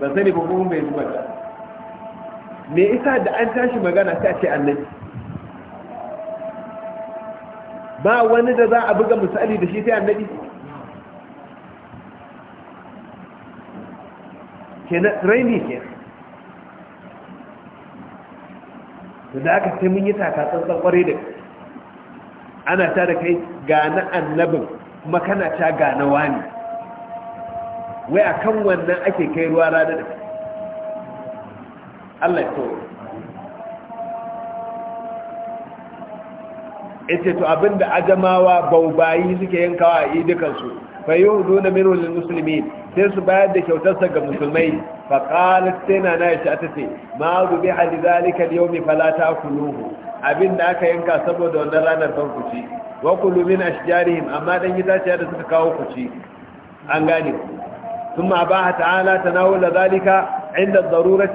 S1: ban sani ba kuma mai zuwa me yasa da an tashi magana sai a ce annabi ba wani da za a buga misali da shi sai annabi kenan raini ke. da aka sai mun yi taka-tsantsan kwarai da ana ta da kai ga na annabin kuma kana ta ga na wani wai a kan wannan ake kai ruwa rana da Allah to ita to abinda ajamawa baubayi suke yankawa a idikansu fa na min lil muslimin sai su bayar da kyautarsa ga musulmai fa qalat sayna na yace atace ma bi hal zalika al yawmi fala ta'kuluhu abinda aka yanka saboda wannan ranar ban ku wa kullu min ashjarihim amma dan zaciya da suka kawo ku an gane ثم أباها تعالى تناول darurati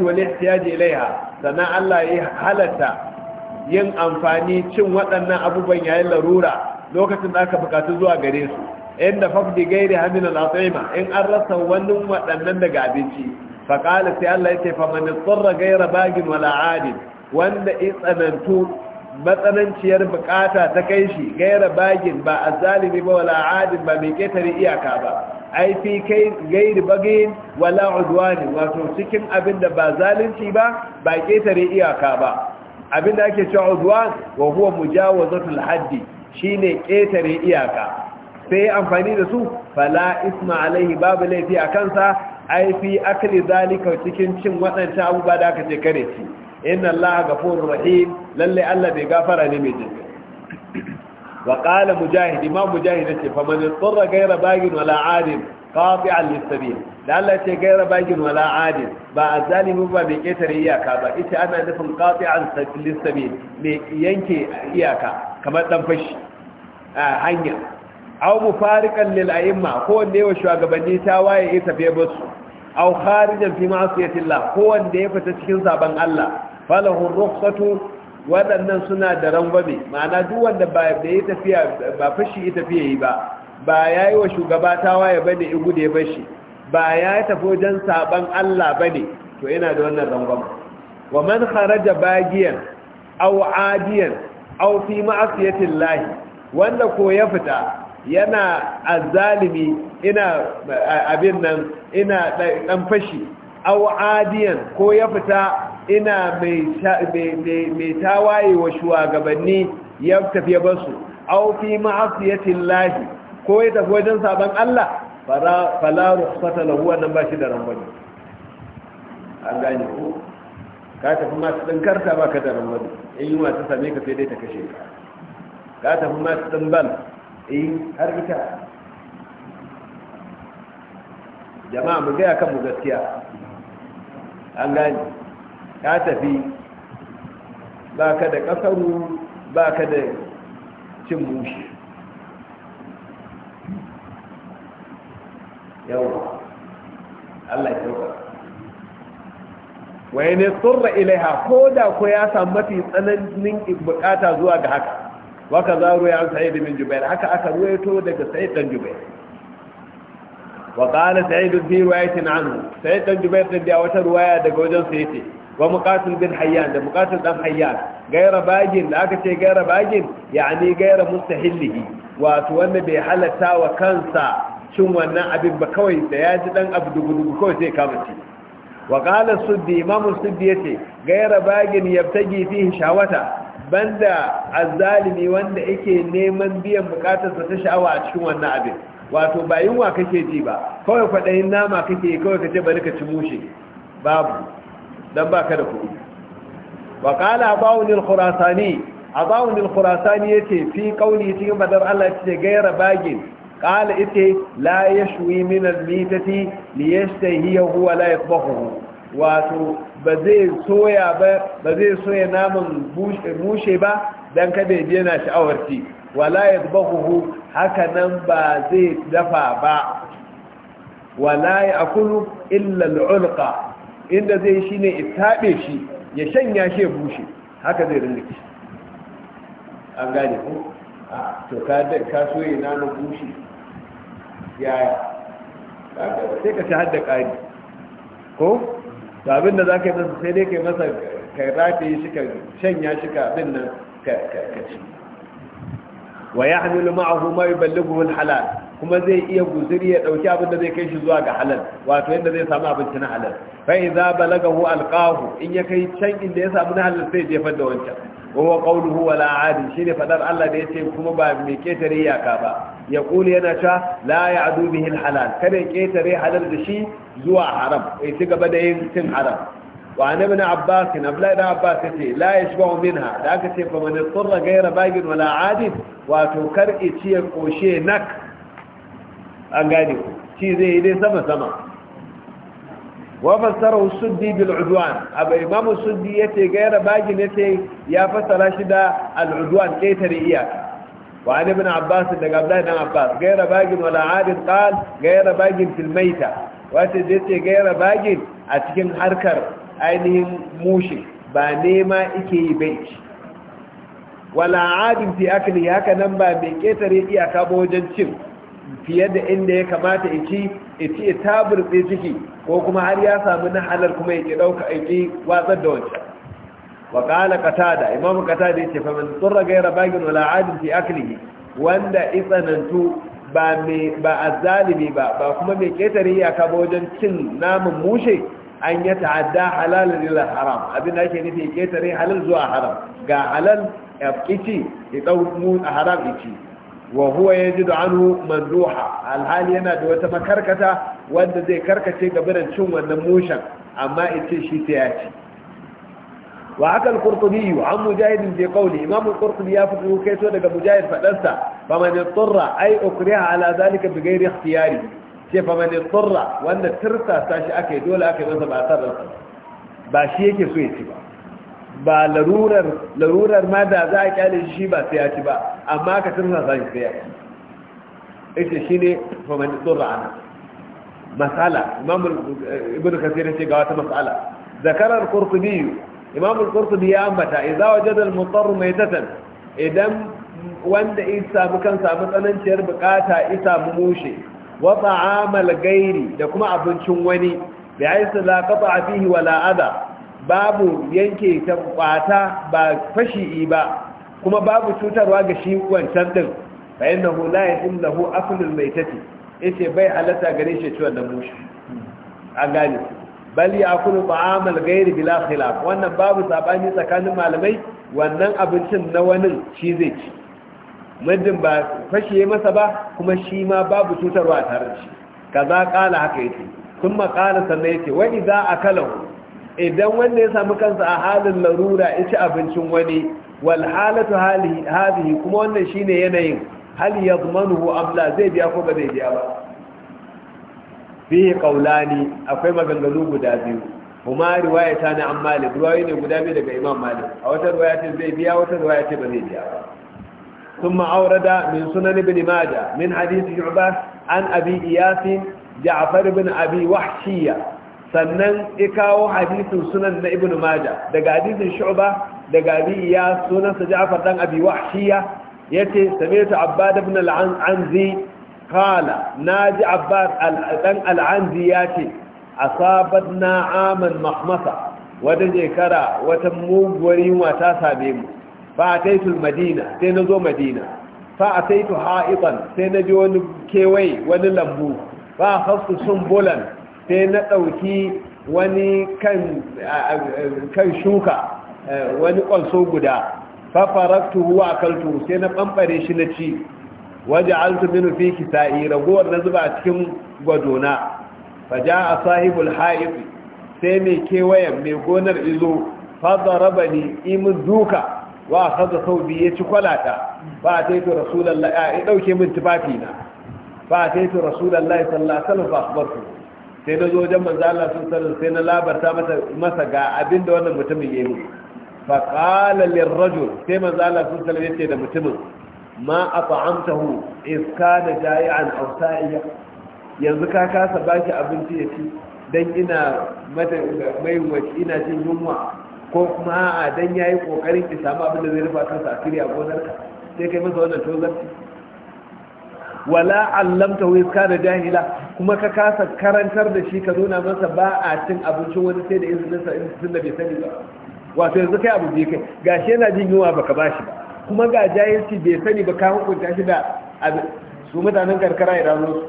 S1: wal ihtiyaj والاحتياج sana Allah ya halatta yin amfani cin waɗannan abubuwan yayin larura lokacin da aka bukatu zuwa gare su inda fafdi gairi hamin al'atsaima in an rasa wani waɗannan daga abinci faƙala sai Allah ya ce famani gaira bagin wala'adin, wanda in tsanantu matsananciyar bukata ta kai shi gaira bagin ba a zalimi ba wala'adin ba mai ƙetare iyaka ba ai fi kai gairi bagin wala wato cikin abin da ba zalunci ba ba ƙetare iyaka ba abin da ake cewa udwan wa huwa mujawazatul haddi shine ƙetare iyaka sai ya amfani da su fala isma alaihi babu laifi a kansa Aifi fi zalika cikin cin waɗancan abubuwa da aka ce kare ci inna allaha ghafurur rahim lalle allah bai gafara ne mai jinka wa qala mujahid imam mujahid ce fa man tsarra gaira bagin wala adin qati'an lis da Allah ce gaira bagin wala adin ba zalimi ba bai ketare iyaka ba ita ana nufin qati'an lis-sabil mai yanke iyaka kamar dan fashi a hanya aw farikan lil a'imma ko wanda yawa shugabanni ta waye ya tafiye ba su aw kharijan fi ma'siyati ko wanda ya fita cikin saban Allah falahu rukhsatu wadannan suna da rangwame ma'ana duk wanda ba da ya tafiya ba fashi ya tafiye yi ba ba yayi wa shugaba ta waye bane in gude bashi ba ya tafi wajen saban Allah bane to yana da wannan rangwame wa man kharaja bagiyan aw adiyan aw fi ma'siyati wanda ko ya fita yana azalimi, ina abin nan ina dan fashi aw adiyan ko ya fita ina mai tawaye wa shugabanni ya tafi ya basu aw fi ma'asiyatin lahi ko ya tafi wajen saban Allah fala ruhsata lahu wa nan bashi da rangwani an gane ko ka tafi masu ɗin karta baka da rangwani in yi ta same ka sai dai ta kashe ka ka tafi masu ɗin ban eh har ita jama'a mu gaya kan mu gaskiya an gani ka tafi ba ka da ƙasaru ba ka da cin mushi yawa allah ya tauka wai ne tsurra ilaiha ko da ko ya samu mafi tsananin bukata zuwa ga haka waka za ruwa an sa'id bin jubair haka aka ruwaito daga sa'id dan jubair wa qala sa'id fi riwayatin anhu sa'id dan jubair da ya wata ruwaya daga wajen sa yace wa muqatil bin hayyan da muqatil dan hayyan gaira bagin da aka ce gaira bagin yani gaira mustahillihi wato wanda bai halatta wa kansa cin wannan abin ba kawai da ya ji dan abu dugudugu kawai sai ka mace wa qala suddi imam suddi yace gaira bagin yabtagi fihi shawata banda azzalimi wanda yake neman biyan bukatarsa ta sha'awa a cikin wannan abin wato ba yunwa kake ji ba kawai kwaɗayin nama kake kawai kace bari ka ci mushe babu dan baka da kuɗi wa qala abawun al-khurasani abawun al ya yace fi qawli cikin badar Allah ce gaira bagin ƙala ita, la yashwi min al-mitati li yashtahihi wa la wato ba zai soya ba ba zai soya naman mushe ba dan kada ya je na sha'awar ci wala yadbahu haka nan ba zai dafa ba wala akulu illa al'ulqa inda zai shine itabe shi ya shanya shi ya bushe haka zai rinda an gane ko to ka da ka soye naman bushe yaya sai ka ta hadda kari ko to abin da za ka yi masa sai dai ka yi masa ka rafi shi ka shanya shi ka abin nan ka ci wa ya hamilu ma'ahu ma yuballighu halal kuma zai iya guzuri ya ɗauki abin da zai kai shi zuwa ga halal wato yadda zai samu abinci na halal faiza balaga balagahu alqahu in ya kai can inda ya samu na halal sai jefar da wancan وهو قوله ولا عاد شيء فدر الله ده kuma ba mai ketare yaka ba. Ya يقول yana ta la ya'du bihi halal kada ketare halal da shi zuwa haram eh ci gaba da yin cin haram wa ana ibn abbas ibn abla ibn abbas yace la yashba'u minha da aka ce fa man tsarra ghayra bagin wala adi? wa to kar ci ya koshe nak an gane ci zai yi dai sama sama wafasarar sudi bil'udwan abu imamu sudi ya ce gaira bagi ne ce ya fasara shi da al'udwan ƙetare iyaka wa ne bin abbas daga abdai dan abbas gaira bagin wala adin ƙal gaira bagin filmaita wata ya ce gaira bagin a cikin harkar ainihin mushi ba nema ike yi bai wala adin fi akali ba mai ƙetare iyaka ba wajen cin fiye da inda ya kamata ya ci ya ci ya taburtse ciki ko kuma har ya samu na kuma ya ki ɗauka aiki watsar da wancan wa ƙala katada imamu katada ya ce fa man tsurra gaira bagin wala adin fi aklihi wanda itsanantu ba a zalibi ba ba kuma mai ƙetare ya kaba wajen cin namun mushe an ya ta'adda halalin ila haram abin ake nufi ketare halal zuwa haram ga halal ya ƙici ya ɗau mu a haram ya ci. wa huwa da anhu manduha alhali yana da wata makarkata wanda zai karkace gaban cin wannan mushan amma ita shi ta ya ci wa haka al-qurtubi an mujahidin bi qawli imam al-qurtubi ya fito kai to daga mujahid fadarsa faman yattara ay ukriha ala zalika bi ghairi ikhtiyari ce faman yattara wanda tirsa ta shi akai dole akai masa ba tsarar ba shi yake so ya ci ba ba larurar larurar ma da za a kyale shi ba sai ya ci ba amma ka tun sa sai ya ci ita shine fa man tsura ana masala imam ibn kathir ce ga wata masala zakarar qurtubi imam al-qurtubi ya ambata idza wajada al-mutarr maytatan idan wanda ya samu kansa matsananciyar bukata ya samu mushe wa ta'amal gairi da kuma abincin wani bi aisa la qata fihi wala adha babu yanke ta kwata ba fashi ba kuma babu cutarwa ga shi wancan din bayan da hula ya in lahu mai tafi yace bai halatta gare shi ciwon da mushi a gani bal ya kunu ba'amal gairi bila khilaf wannan babu sabani tsakanin malamai wannan abincin na wani shi zai ci muddin ba fashe masa ba kuma shi ma babu cutarwa tare da shi kaza kala haka yace kuma kala sannan yace wa idza akalahu idan wanda ya sami kansa a halin larura ya ci abincin wani wal halatu hadhihi kuma wannan shine yanayin hal yadmanuhu am la zai biya ko ba zai biya ba bihi qawlani akwai maganganu guda biyu kuma riwayata na amma malik riwayoyi ne guda biyu daga imam malik a wata riwaya ce zai biya wata riwaya ce ba zai biya ba ثم أورد من سنن ابن ماجه من حديث شعبة عن أبي إياس جعفر بن أبي وحشية sannan ya kawo hadisin sunan na ibn maja daga hadisin shu'ba daga abi sunan sa ja'far dan abi wahshiya yace sami'tu abbad ibn al-anzi qala naji abbad dan al-anzi yace asabatna aman mahmasa wata shekara wata muguwar yunwa ta same mu fa ataitu madina sai na zo madina fa ataitu ha'iban sai naji wani kewaye wani lambu fa khassu sumbulan sai na ɗauki wani kan shuka wani ƙwanso guda fafaraktu a kaltu sai na ɓamɓare shi na ci waje altu minu fi kisa'i ragowar na zuba a cikin gwadona faja a sahibul haif sai mai kewayen mai gonar izo fadda raba ni, imin duka wa a kaza sau biyu ya ci kwalata ba a taito rasulallah ya ɗauke min tufafi na ba a taito rasulallah sallallahu alaihi wasallam ba su sai na zo wajen manzo sun sanar sai na labarta masa ga abin da wannan mutumin ya yi fa qala lirrajul sai manzo Allah sun sanar yace da mutumin ma at'amtahu is kana ja'ian aw sa'iya yanzu ka kasa baki abinci ya ci dan ina mata mai wace ina jin yunwa ko kuma a dan yayi kokarin ki samu abin da zai rufa kansa a kiriya gonarka sai kai masa wannan tozarci wala allamta wiska da jahila kuma ka kasa karantar da shi ka nuna masa ba a cin abincin wani sai da izinin sa in da bai sani ba wato yanzu kai abu kai gashi yana jin yunwa baka bashi ba kuma ga jahilci bai sani ba ka hukunta shi da su mutanen karkara idan zo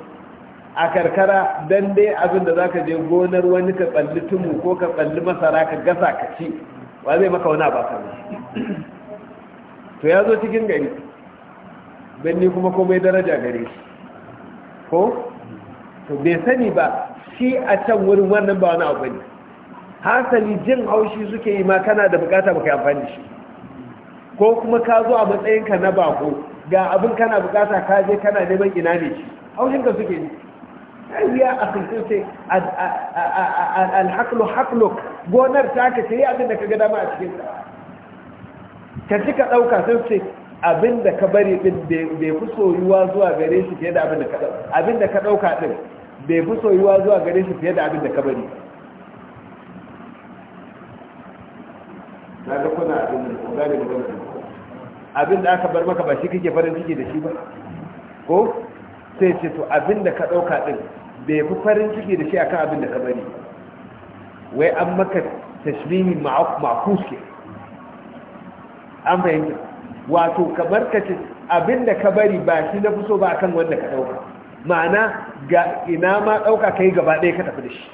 S1: a karkara dan dai abin da zaka je gonar wani ka tsalli tumu ko ka tsalli masara ka gasa ka ci wa zai maka wani abu to ya zo cikin gari benni ni kuma komai daraja gare shi ko to bai sani ba shi a can wurin wannan ba wani abu ne hasali jin haushi suke yi ma kana da bukata baka amfani shi ko kuma ka zo a matsayinka na bako ga abin kana bukata ka je kana neman ina ne shi ka suke yi ya a al haqlu haqlu gonar ta ka ce yi abin da ka ga dama a cikin ka ci ka ɗauka sun ce abin da ka bari din bai fi soyuwa zuwa gare shi fiye da abin da ka dauka abin da ka dauka din bai fi soyuwa zuwa gare shi fiye da abin da ka bari
S3: na ga kuna abin da gane
S1: abin da aka bar maka ba shi kake farin ciki da shi ba ko sai ce to abin da ka ɗauka din bai fi farin ciki da shi akan abin da ka bari wai an maka tashmihi ma'akus ke an fahimta wato ka ce abinda ka bari ba shi na fi so ba kan wanda ka dauka ma'ana ga ina ma dauka kai gaba ɗaya ka tafi da shi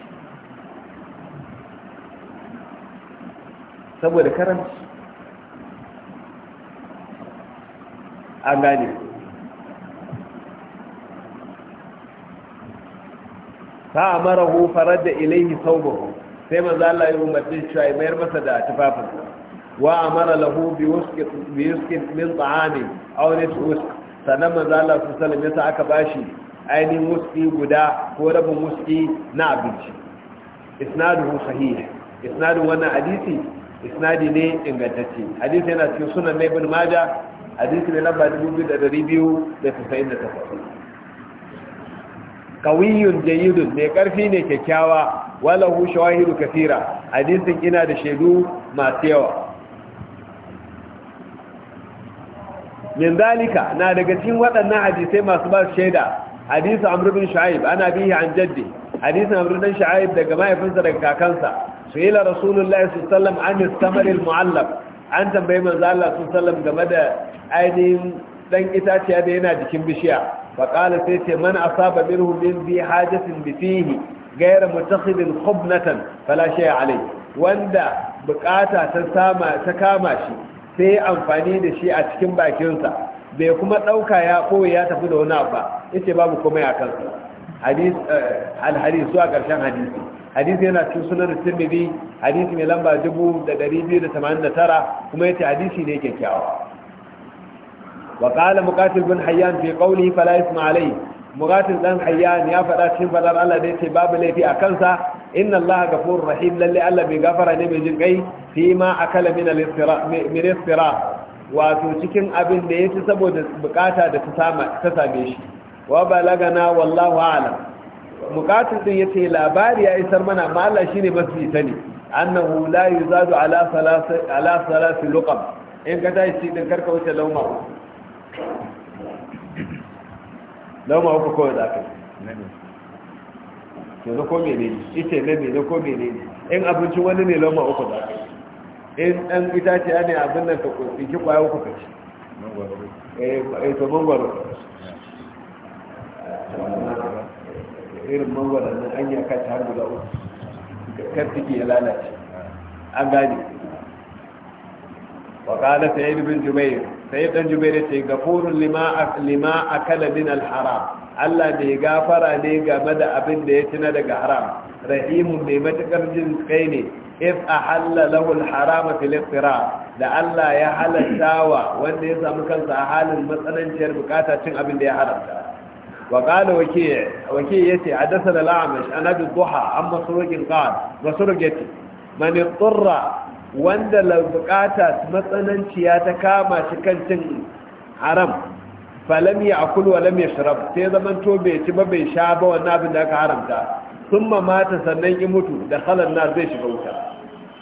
S1: saboda karanci an gane ta amara hu da ilaihi saubahu sai maza Allah ya umarci shi ya mayar masa da tufafinsa Wa له بوسك بوسك من طعام أو نصف sannan manzo Allah sallallahu alaihi aka bashi ainihin wuski guda ko rabin wuski na abinci isnaduhu sahih isnadin wannan hadisi isnadi ne ingantacce hadisi yana sunan na maja hadisi ne lamba 2298 kawiyun jayyidun ne karfi ne kyakkyawa wala hu shawahidu kathira hadisin ina da shaidu masu yawa min na daga cikin waɗannan hadisai masu ba shaida hadisin amr bin shu'aib ana bihi an jaddi hadisin amr bin shu'aib daga mahaifinsa daga kakansa su'ila rasulullahi sallallahu alaihi wasallam an an tambayi manzo Allah sallallahu game da ainihin dan itaciya da yana jikin bishiya fa qala sai ce man asaba minhu min bi hajatin bi fihi ghayra mutakhidin khubnatan fala shay wanda bukata ta kama shi sai ya amfani da shi a cikin bakinsa bai kuma ɗauka ya kowai ya tafi da wani ba yace babu komai a kansa eh, alhadis zuwa ƙarshen hadisi hadisi yana cikin sunan tirmidhi hadisi mai lamba tara. kuma yace hadisi ne kyakkyawa wa ƙala muƙatil bin hayyan fi qawlihi fala isma alai. muratin dan hayyan ya faɗa cikin faɗar Allah da yace babu laifi a kansa inna Allah ghafurur rahim lalle Allah bai gafara ne mai jin kai fi ma akala min al-istira min istira wato cikin abin da yace saboda bukata da ta ta same shi wa balagana wallahu a'lam mukatin din yace labari ya isar mana amma Allah shine mafi sani annahu la yuzadu ala salasi ala salasi luqam in ka tashi din karka wuce lauma lauma uku kowai za ka yi ne ko mene ne ita ne mene ko mene ne in abinci wani ne lauma uku za ka yi in ɗan itaciya ne abin nan ka ki kwaya uku ka ci eh, eh to mangwaro irin mangwaro nan an yi kaci har guda uku kar ciki ya lalace an gane wa kana sayyid bin jima'i. sai dan jubair ce gafurun lima a akala min haram Allah mai gafara ne game da abin da ya tuna daga haram rahimun mai matukar jin kai ne if ahalla lahu harama fil iftira da Allah ya halatta wa wanda ya samu kansa a halin matsananciyar bukata cin abin da ya haramta وقال وكيع وكيع يتي حدثنا الأعمش أنا بالضحى عن مسروق قال مسروق يتي من اضطر wanda bukata matsananciya ta kama shi kan cin haram falam ya akul wa lam yashrab sai zaman to bai ci ba bai sha ba wannan abin da aka haramta thumma mata sannan ya mutu da halan na zai shiga wuta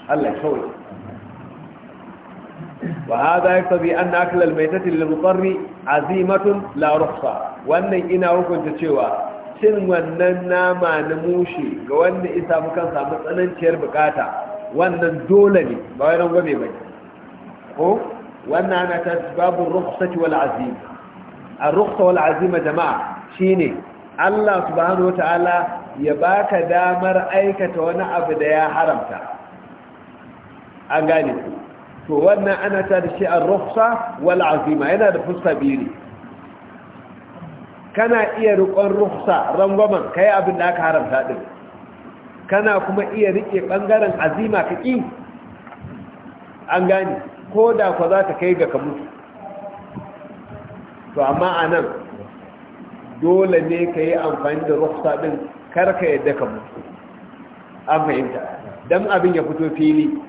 S1: Allah kawai wa hada yaktabi anna akl al maytati lil mutarri azimatun la rukhsa wannan ina hukunta cewa cin wannan nama na mushi ga wanda isa mukan samu tsananciyar bukata wannan dole ne ba wai rangwame ba ko wannan ana ta babu rukhsati wal azim a rukhsa wal azima jama'a shine Allah subhanahu wataala ya baka damar aikata wani abu da ya haramta an gane ku to wannan ana ta da shi a rukhsa wal azima yana da fuska biri kana iya rikon rukhsa rangwamen kai abin da aka haramta din kana kuma iya rike bangaren azima ka ƙi an gani ko da kwa za ta kai ga kamu mutu to amma a nan dole ne ka yi amfani da rufsa ɗin karka yadda ka mutu an fahimta don abin ya fito fili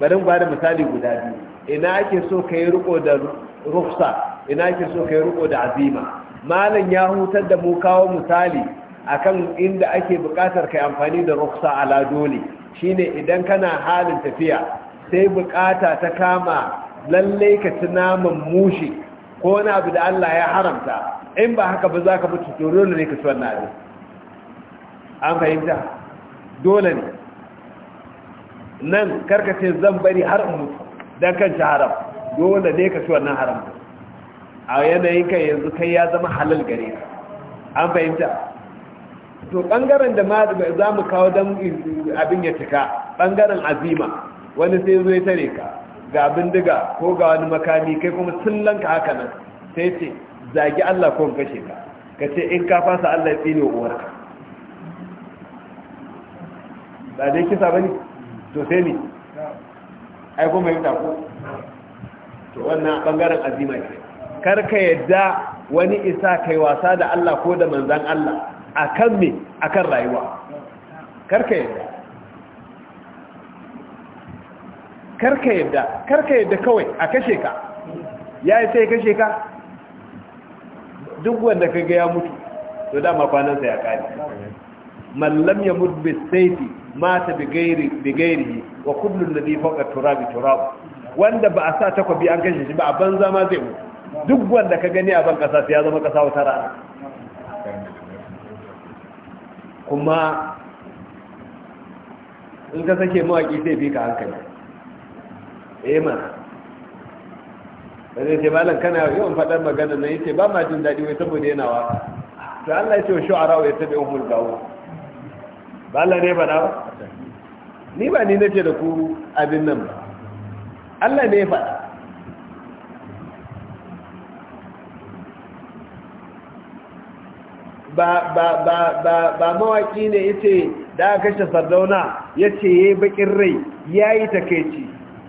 S1: barin ba da misali guda biyu ina ake so ka yi riko da rufsa ina ake so ka yi riko da azima malam ya hutar da mu kawo misali akan inda ake bukatar kai amfani da ruksa ala dole shine idan kana halin tafiya sai bukata ta kama lallai ka ci naman mushi ko wani abu da Allah ya haramta in ba haka ba za ka mutu dole ne ka ci wannan abin an fahimta dole ne nan ce zan bari har in mutu dan kan ci haram dole ne ka ci wannan haram a yanayin ka yanzu kai ya zama halal gare ka an fahimta to bangaren da za mu kawo don abin ya cika bangaren azima wani sai zo ya tare ka ga bindiga ko ga wani makami kai kuma lanka haka nan sai ce zagi Allah ko kashe ka ka ce in ka fasa Allah ya tsine uwarka ba dai kisa ne to sai ne. ai kuma yi tako to wannan bangaren azima ce kar ka yadda wani isa kai wasa da Allah ko da manzan Allah akan me a kan rayuwa karka yadda karka yadda karka yadda kawai a kashe ka ya yi sai kashe ka duk wanda ka gaya mutu to dama kwanansa ya kari mallam ya mutu bi saifi mata bi gairi wa kullum da nifon a turabi turabu wanda ba a sa takwabi an kashe shi ba a banza ma zai mutu duk wanda ka gani a ban kasa ya zama kasa wata rana kuma in ka sake mawaƙi sai fi ka hankali eh mana zai ce malam kana yawan faɗar magana na ce ba ma jin daɗi wai saboda yana wa? to Allah ya ce wa shu'ara ya tabi umul gawo ba Allah ne faɗa na? ni ba ni nace da ku abin nan ba Allah ne ya faɗa ba mawaƙi ne ya ce mawaki ne yace da aka kashe sardauna ya yi bakin rai yi takaici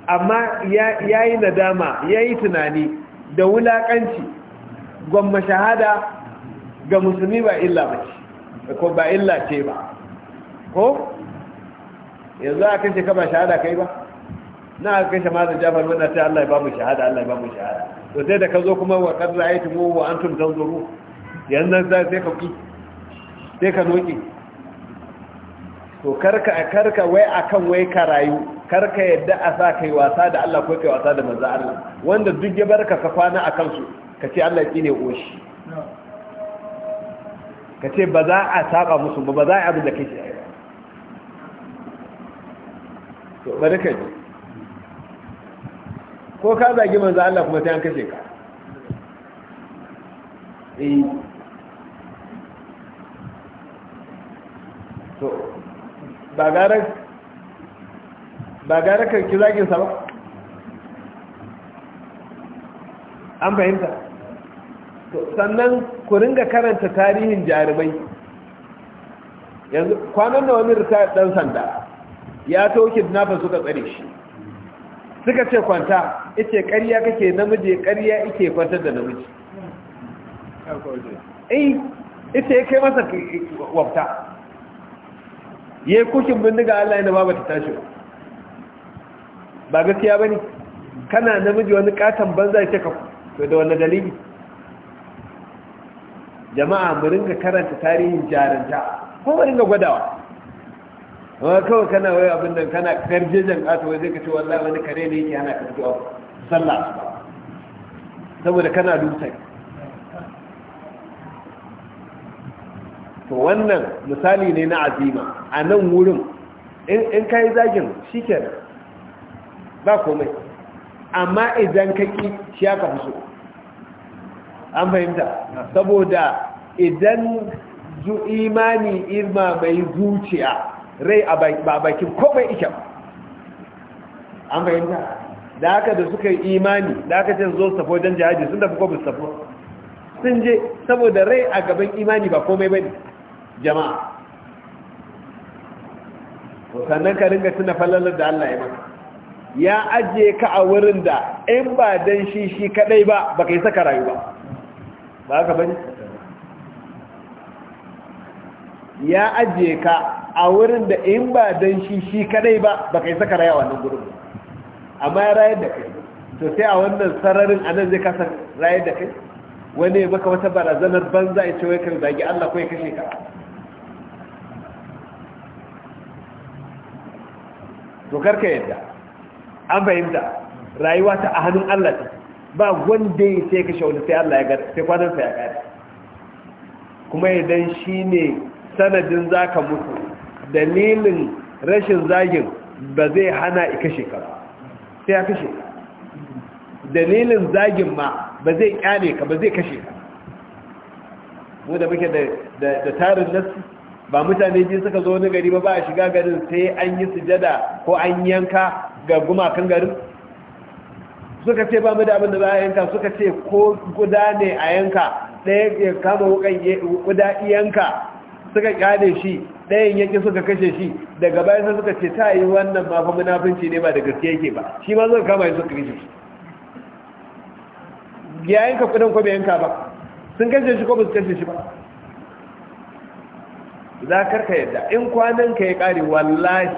S1: amma yi nadama ya yi tunani da wulaƙanci. gwamma shahada ga musulmi ba illa bace ko ba illa ce ba ko yanzu aka kashe ka ba shahada kai ba na aka kashe da jafar mana ta Allah ya ba mu shahada Allah ya ba mu shahada to sai da ka zo kuma wa qad tumo wa antum tanzurun yanzu za sai ka ki sai ka noki to karka karka wai akan wai ka rayu karka yadda a sa yi wasa da Allah ko yi wasa da manzo Allah wanda duk ya barka ka kwana a kansu, ka ce Allah ki ne oshi ka ce ba za a saba musu ba ba za a abin da kai shi ai to barka ji ko ka zagi manzo Allah kuma sai an kashe ka eh to ba gara karki sa ba an fahimta to sannan ku ringa karanta tarihin jarumai yanzu kwanan da wani rita dan sanda ya to kidnapper suka tsare shi suka ce kwanta ita ƙarya kake namiji ƙarya ike kwantar da namiji eh ita ya kai masa wafta yayi kukin bindiga Allah yana ba ta tashi ba gaskiya ne kana namiji wani katon banza yake ka to da wani dalili jama'a mu ga karanta tarihin jaranta ko mu ga gwadawa wani kawai kana wai abin nan kana jan kata wai zai ka ce wallahi wani kare ne yake hana ka fito sallah saboda kana dutse to wannan misali ne na azima a nan wurin in ka yi zagin shi ba komai amma idan ka ƙi shi aka fi so an fahimta saboda idan zu imani irma mai zuciya rai a bakin komai ikyam an fahimta da haka da suka yi imani da haka ce zo safo don jihadi sun tafi ko safo sun je saboda rai a gaban imani ba komai bane jama'a to sannan ka ringa tuna fallalar da Allah ya maka ya ajiye ka a wurin da in ba dan shi shi kadai ba baka yi saka rayu ba ba haka bane ya ajiye ka a wurin da in ba dan shi shi kadai ba baka yi saka rayu a wannan gurin amma ya rayar da kai to sai a wannan sararin anan zai kasa rayar da kai wani ya wata barazanar banza ya ce wai ka zagi Allah ko ya kashe ka to karka yadda an fahimta rayuwa ta a hannun Allah ta ba wanda ya sai kashe wani sai Allah ya gada sai kwanansa ya gada kuma idan shi ne sanadin za ka mutu dalilin rashin zagin ba zai hana i kashe ka sai ya kashe ka dalilin zagin ma ba zai kyale ka ba zai kashe ka mu da muke da tarin nasu ba mutane biyu suka zo wani gari ba ba a shiga garin sai an yi sujada ko an yanka ga gumakan garin suka ce ba mu da abin da za a yanka suka ce ko guda ne a yanka ɗaya ya kama wukan guda yanka suka kyale shi ɗayan yake suka kashe shi daga bayan sai suka ce ta yi wannan ma fa munafunci ne ba da gaske yake ba shi ma zai kama shi suka kashe shi ya yanka kudin ko bai yanka ba sun kashe shi ko ba su kashe shi ba za karka yadda in kwanan ka ya ƙari, wallahi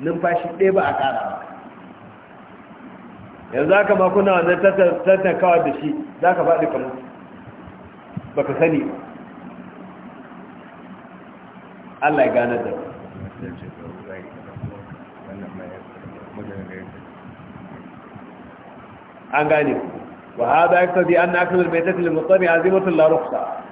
S1: numfashi ɗaya ba a ƙara ba yanzu aka makuna wannan tattakawa da shi za ka faɗi kamar ba ka sani ba Allah ya gane da an gane وهذا يقتضي أن أكل الميتة المضطري عزيمة لا abu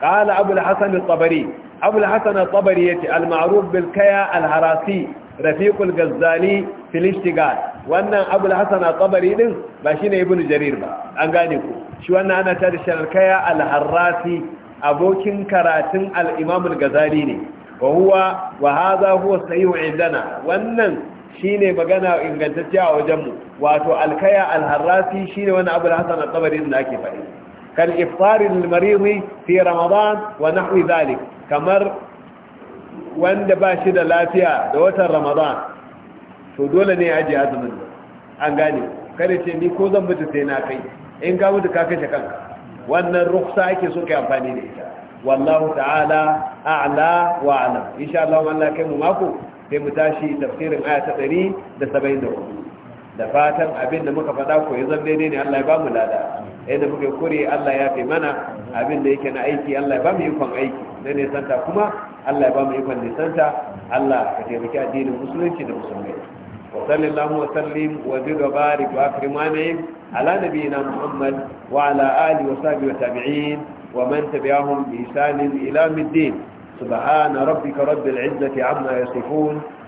S1: قال Hassan da الطبري abul hasan al-tabari yace al-ma'ruf bil kaya al-harasi rafiqul gazzali fil ishtigal wannan abul hasan al-tabari din ba shine ibnu jarir ba an gane ku shi wannan ana tada shi al-kaya al-harasi abokin karatun al-imam al-ghazali ne wa huwa wa hadha huwa sahih indana wannan shine magana ingantacciya a wajenmu wato al-kaya al-harasi shine wannan abul hasan al-tabari din da ake faɗi Kan iftarin lil marid fi ramadan wa nahwi dhalik kamar wanda ba shi da lafiya da watan ramadan to dole ne aji azumin an gane kada ce ni ko zan mutu sai na kai in ka mutu ka kashe kanka wannan ruksa ake so kai amfani da ita wallahu ta'ala a'la wa a'lam insha Allah wallahi kai mu mako sai mu tashi tafsirin aya ta 174 da fatan abin da muka faɗa ko ya zama daidai ne Allah ya ba mu lada yadda muka kure Allah ya fi mana abin da yake na aiki Allah ya ba mu ikon aiki na nisanta kuma Allah ya ba mu ikon nisanta Allah ka taimaki addinin musulunci da musulmai wa sallallahu wa sallim wa zid wa barik wa akrim ala muhammad wa ala alihi wa sahbihi wa tabi'in wa man tabi'ahum bi ihsan ila middin subhana rabbika rabbil izzati amma yasifun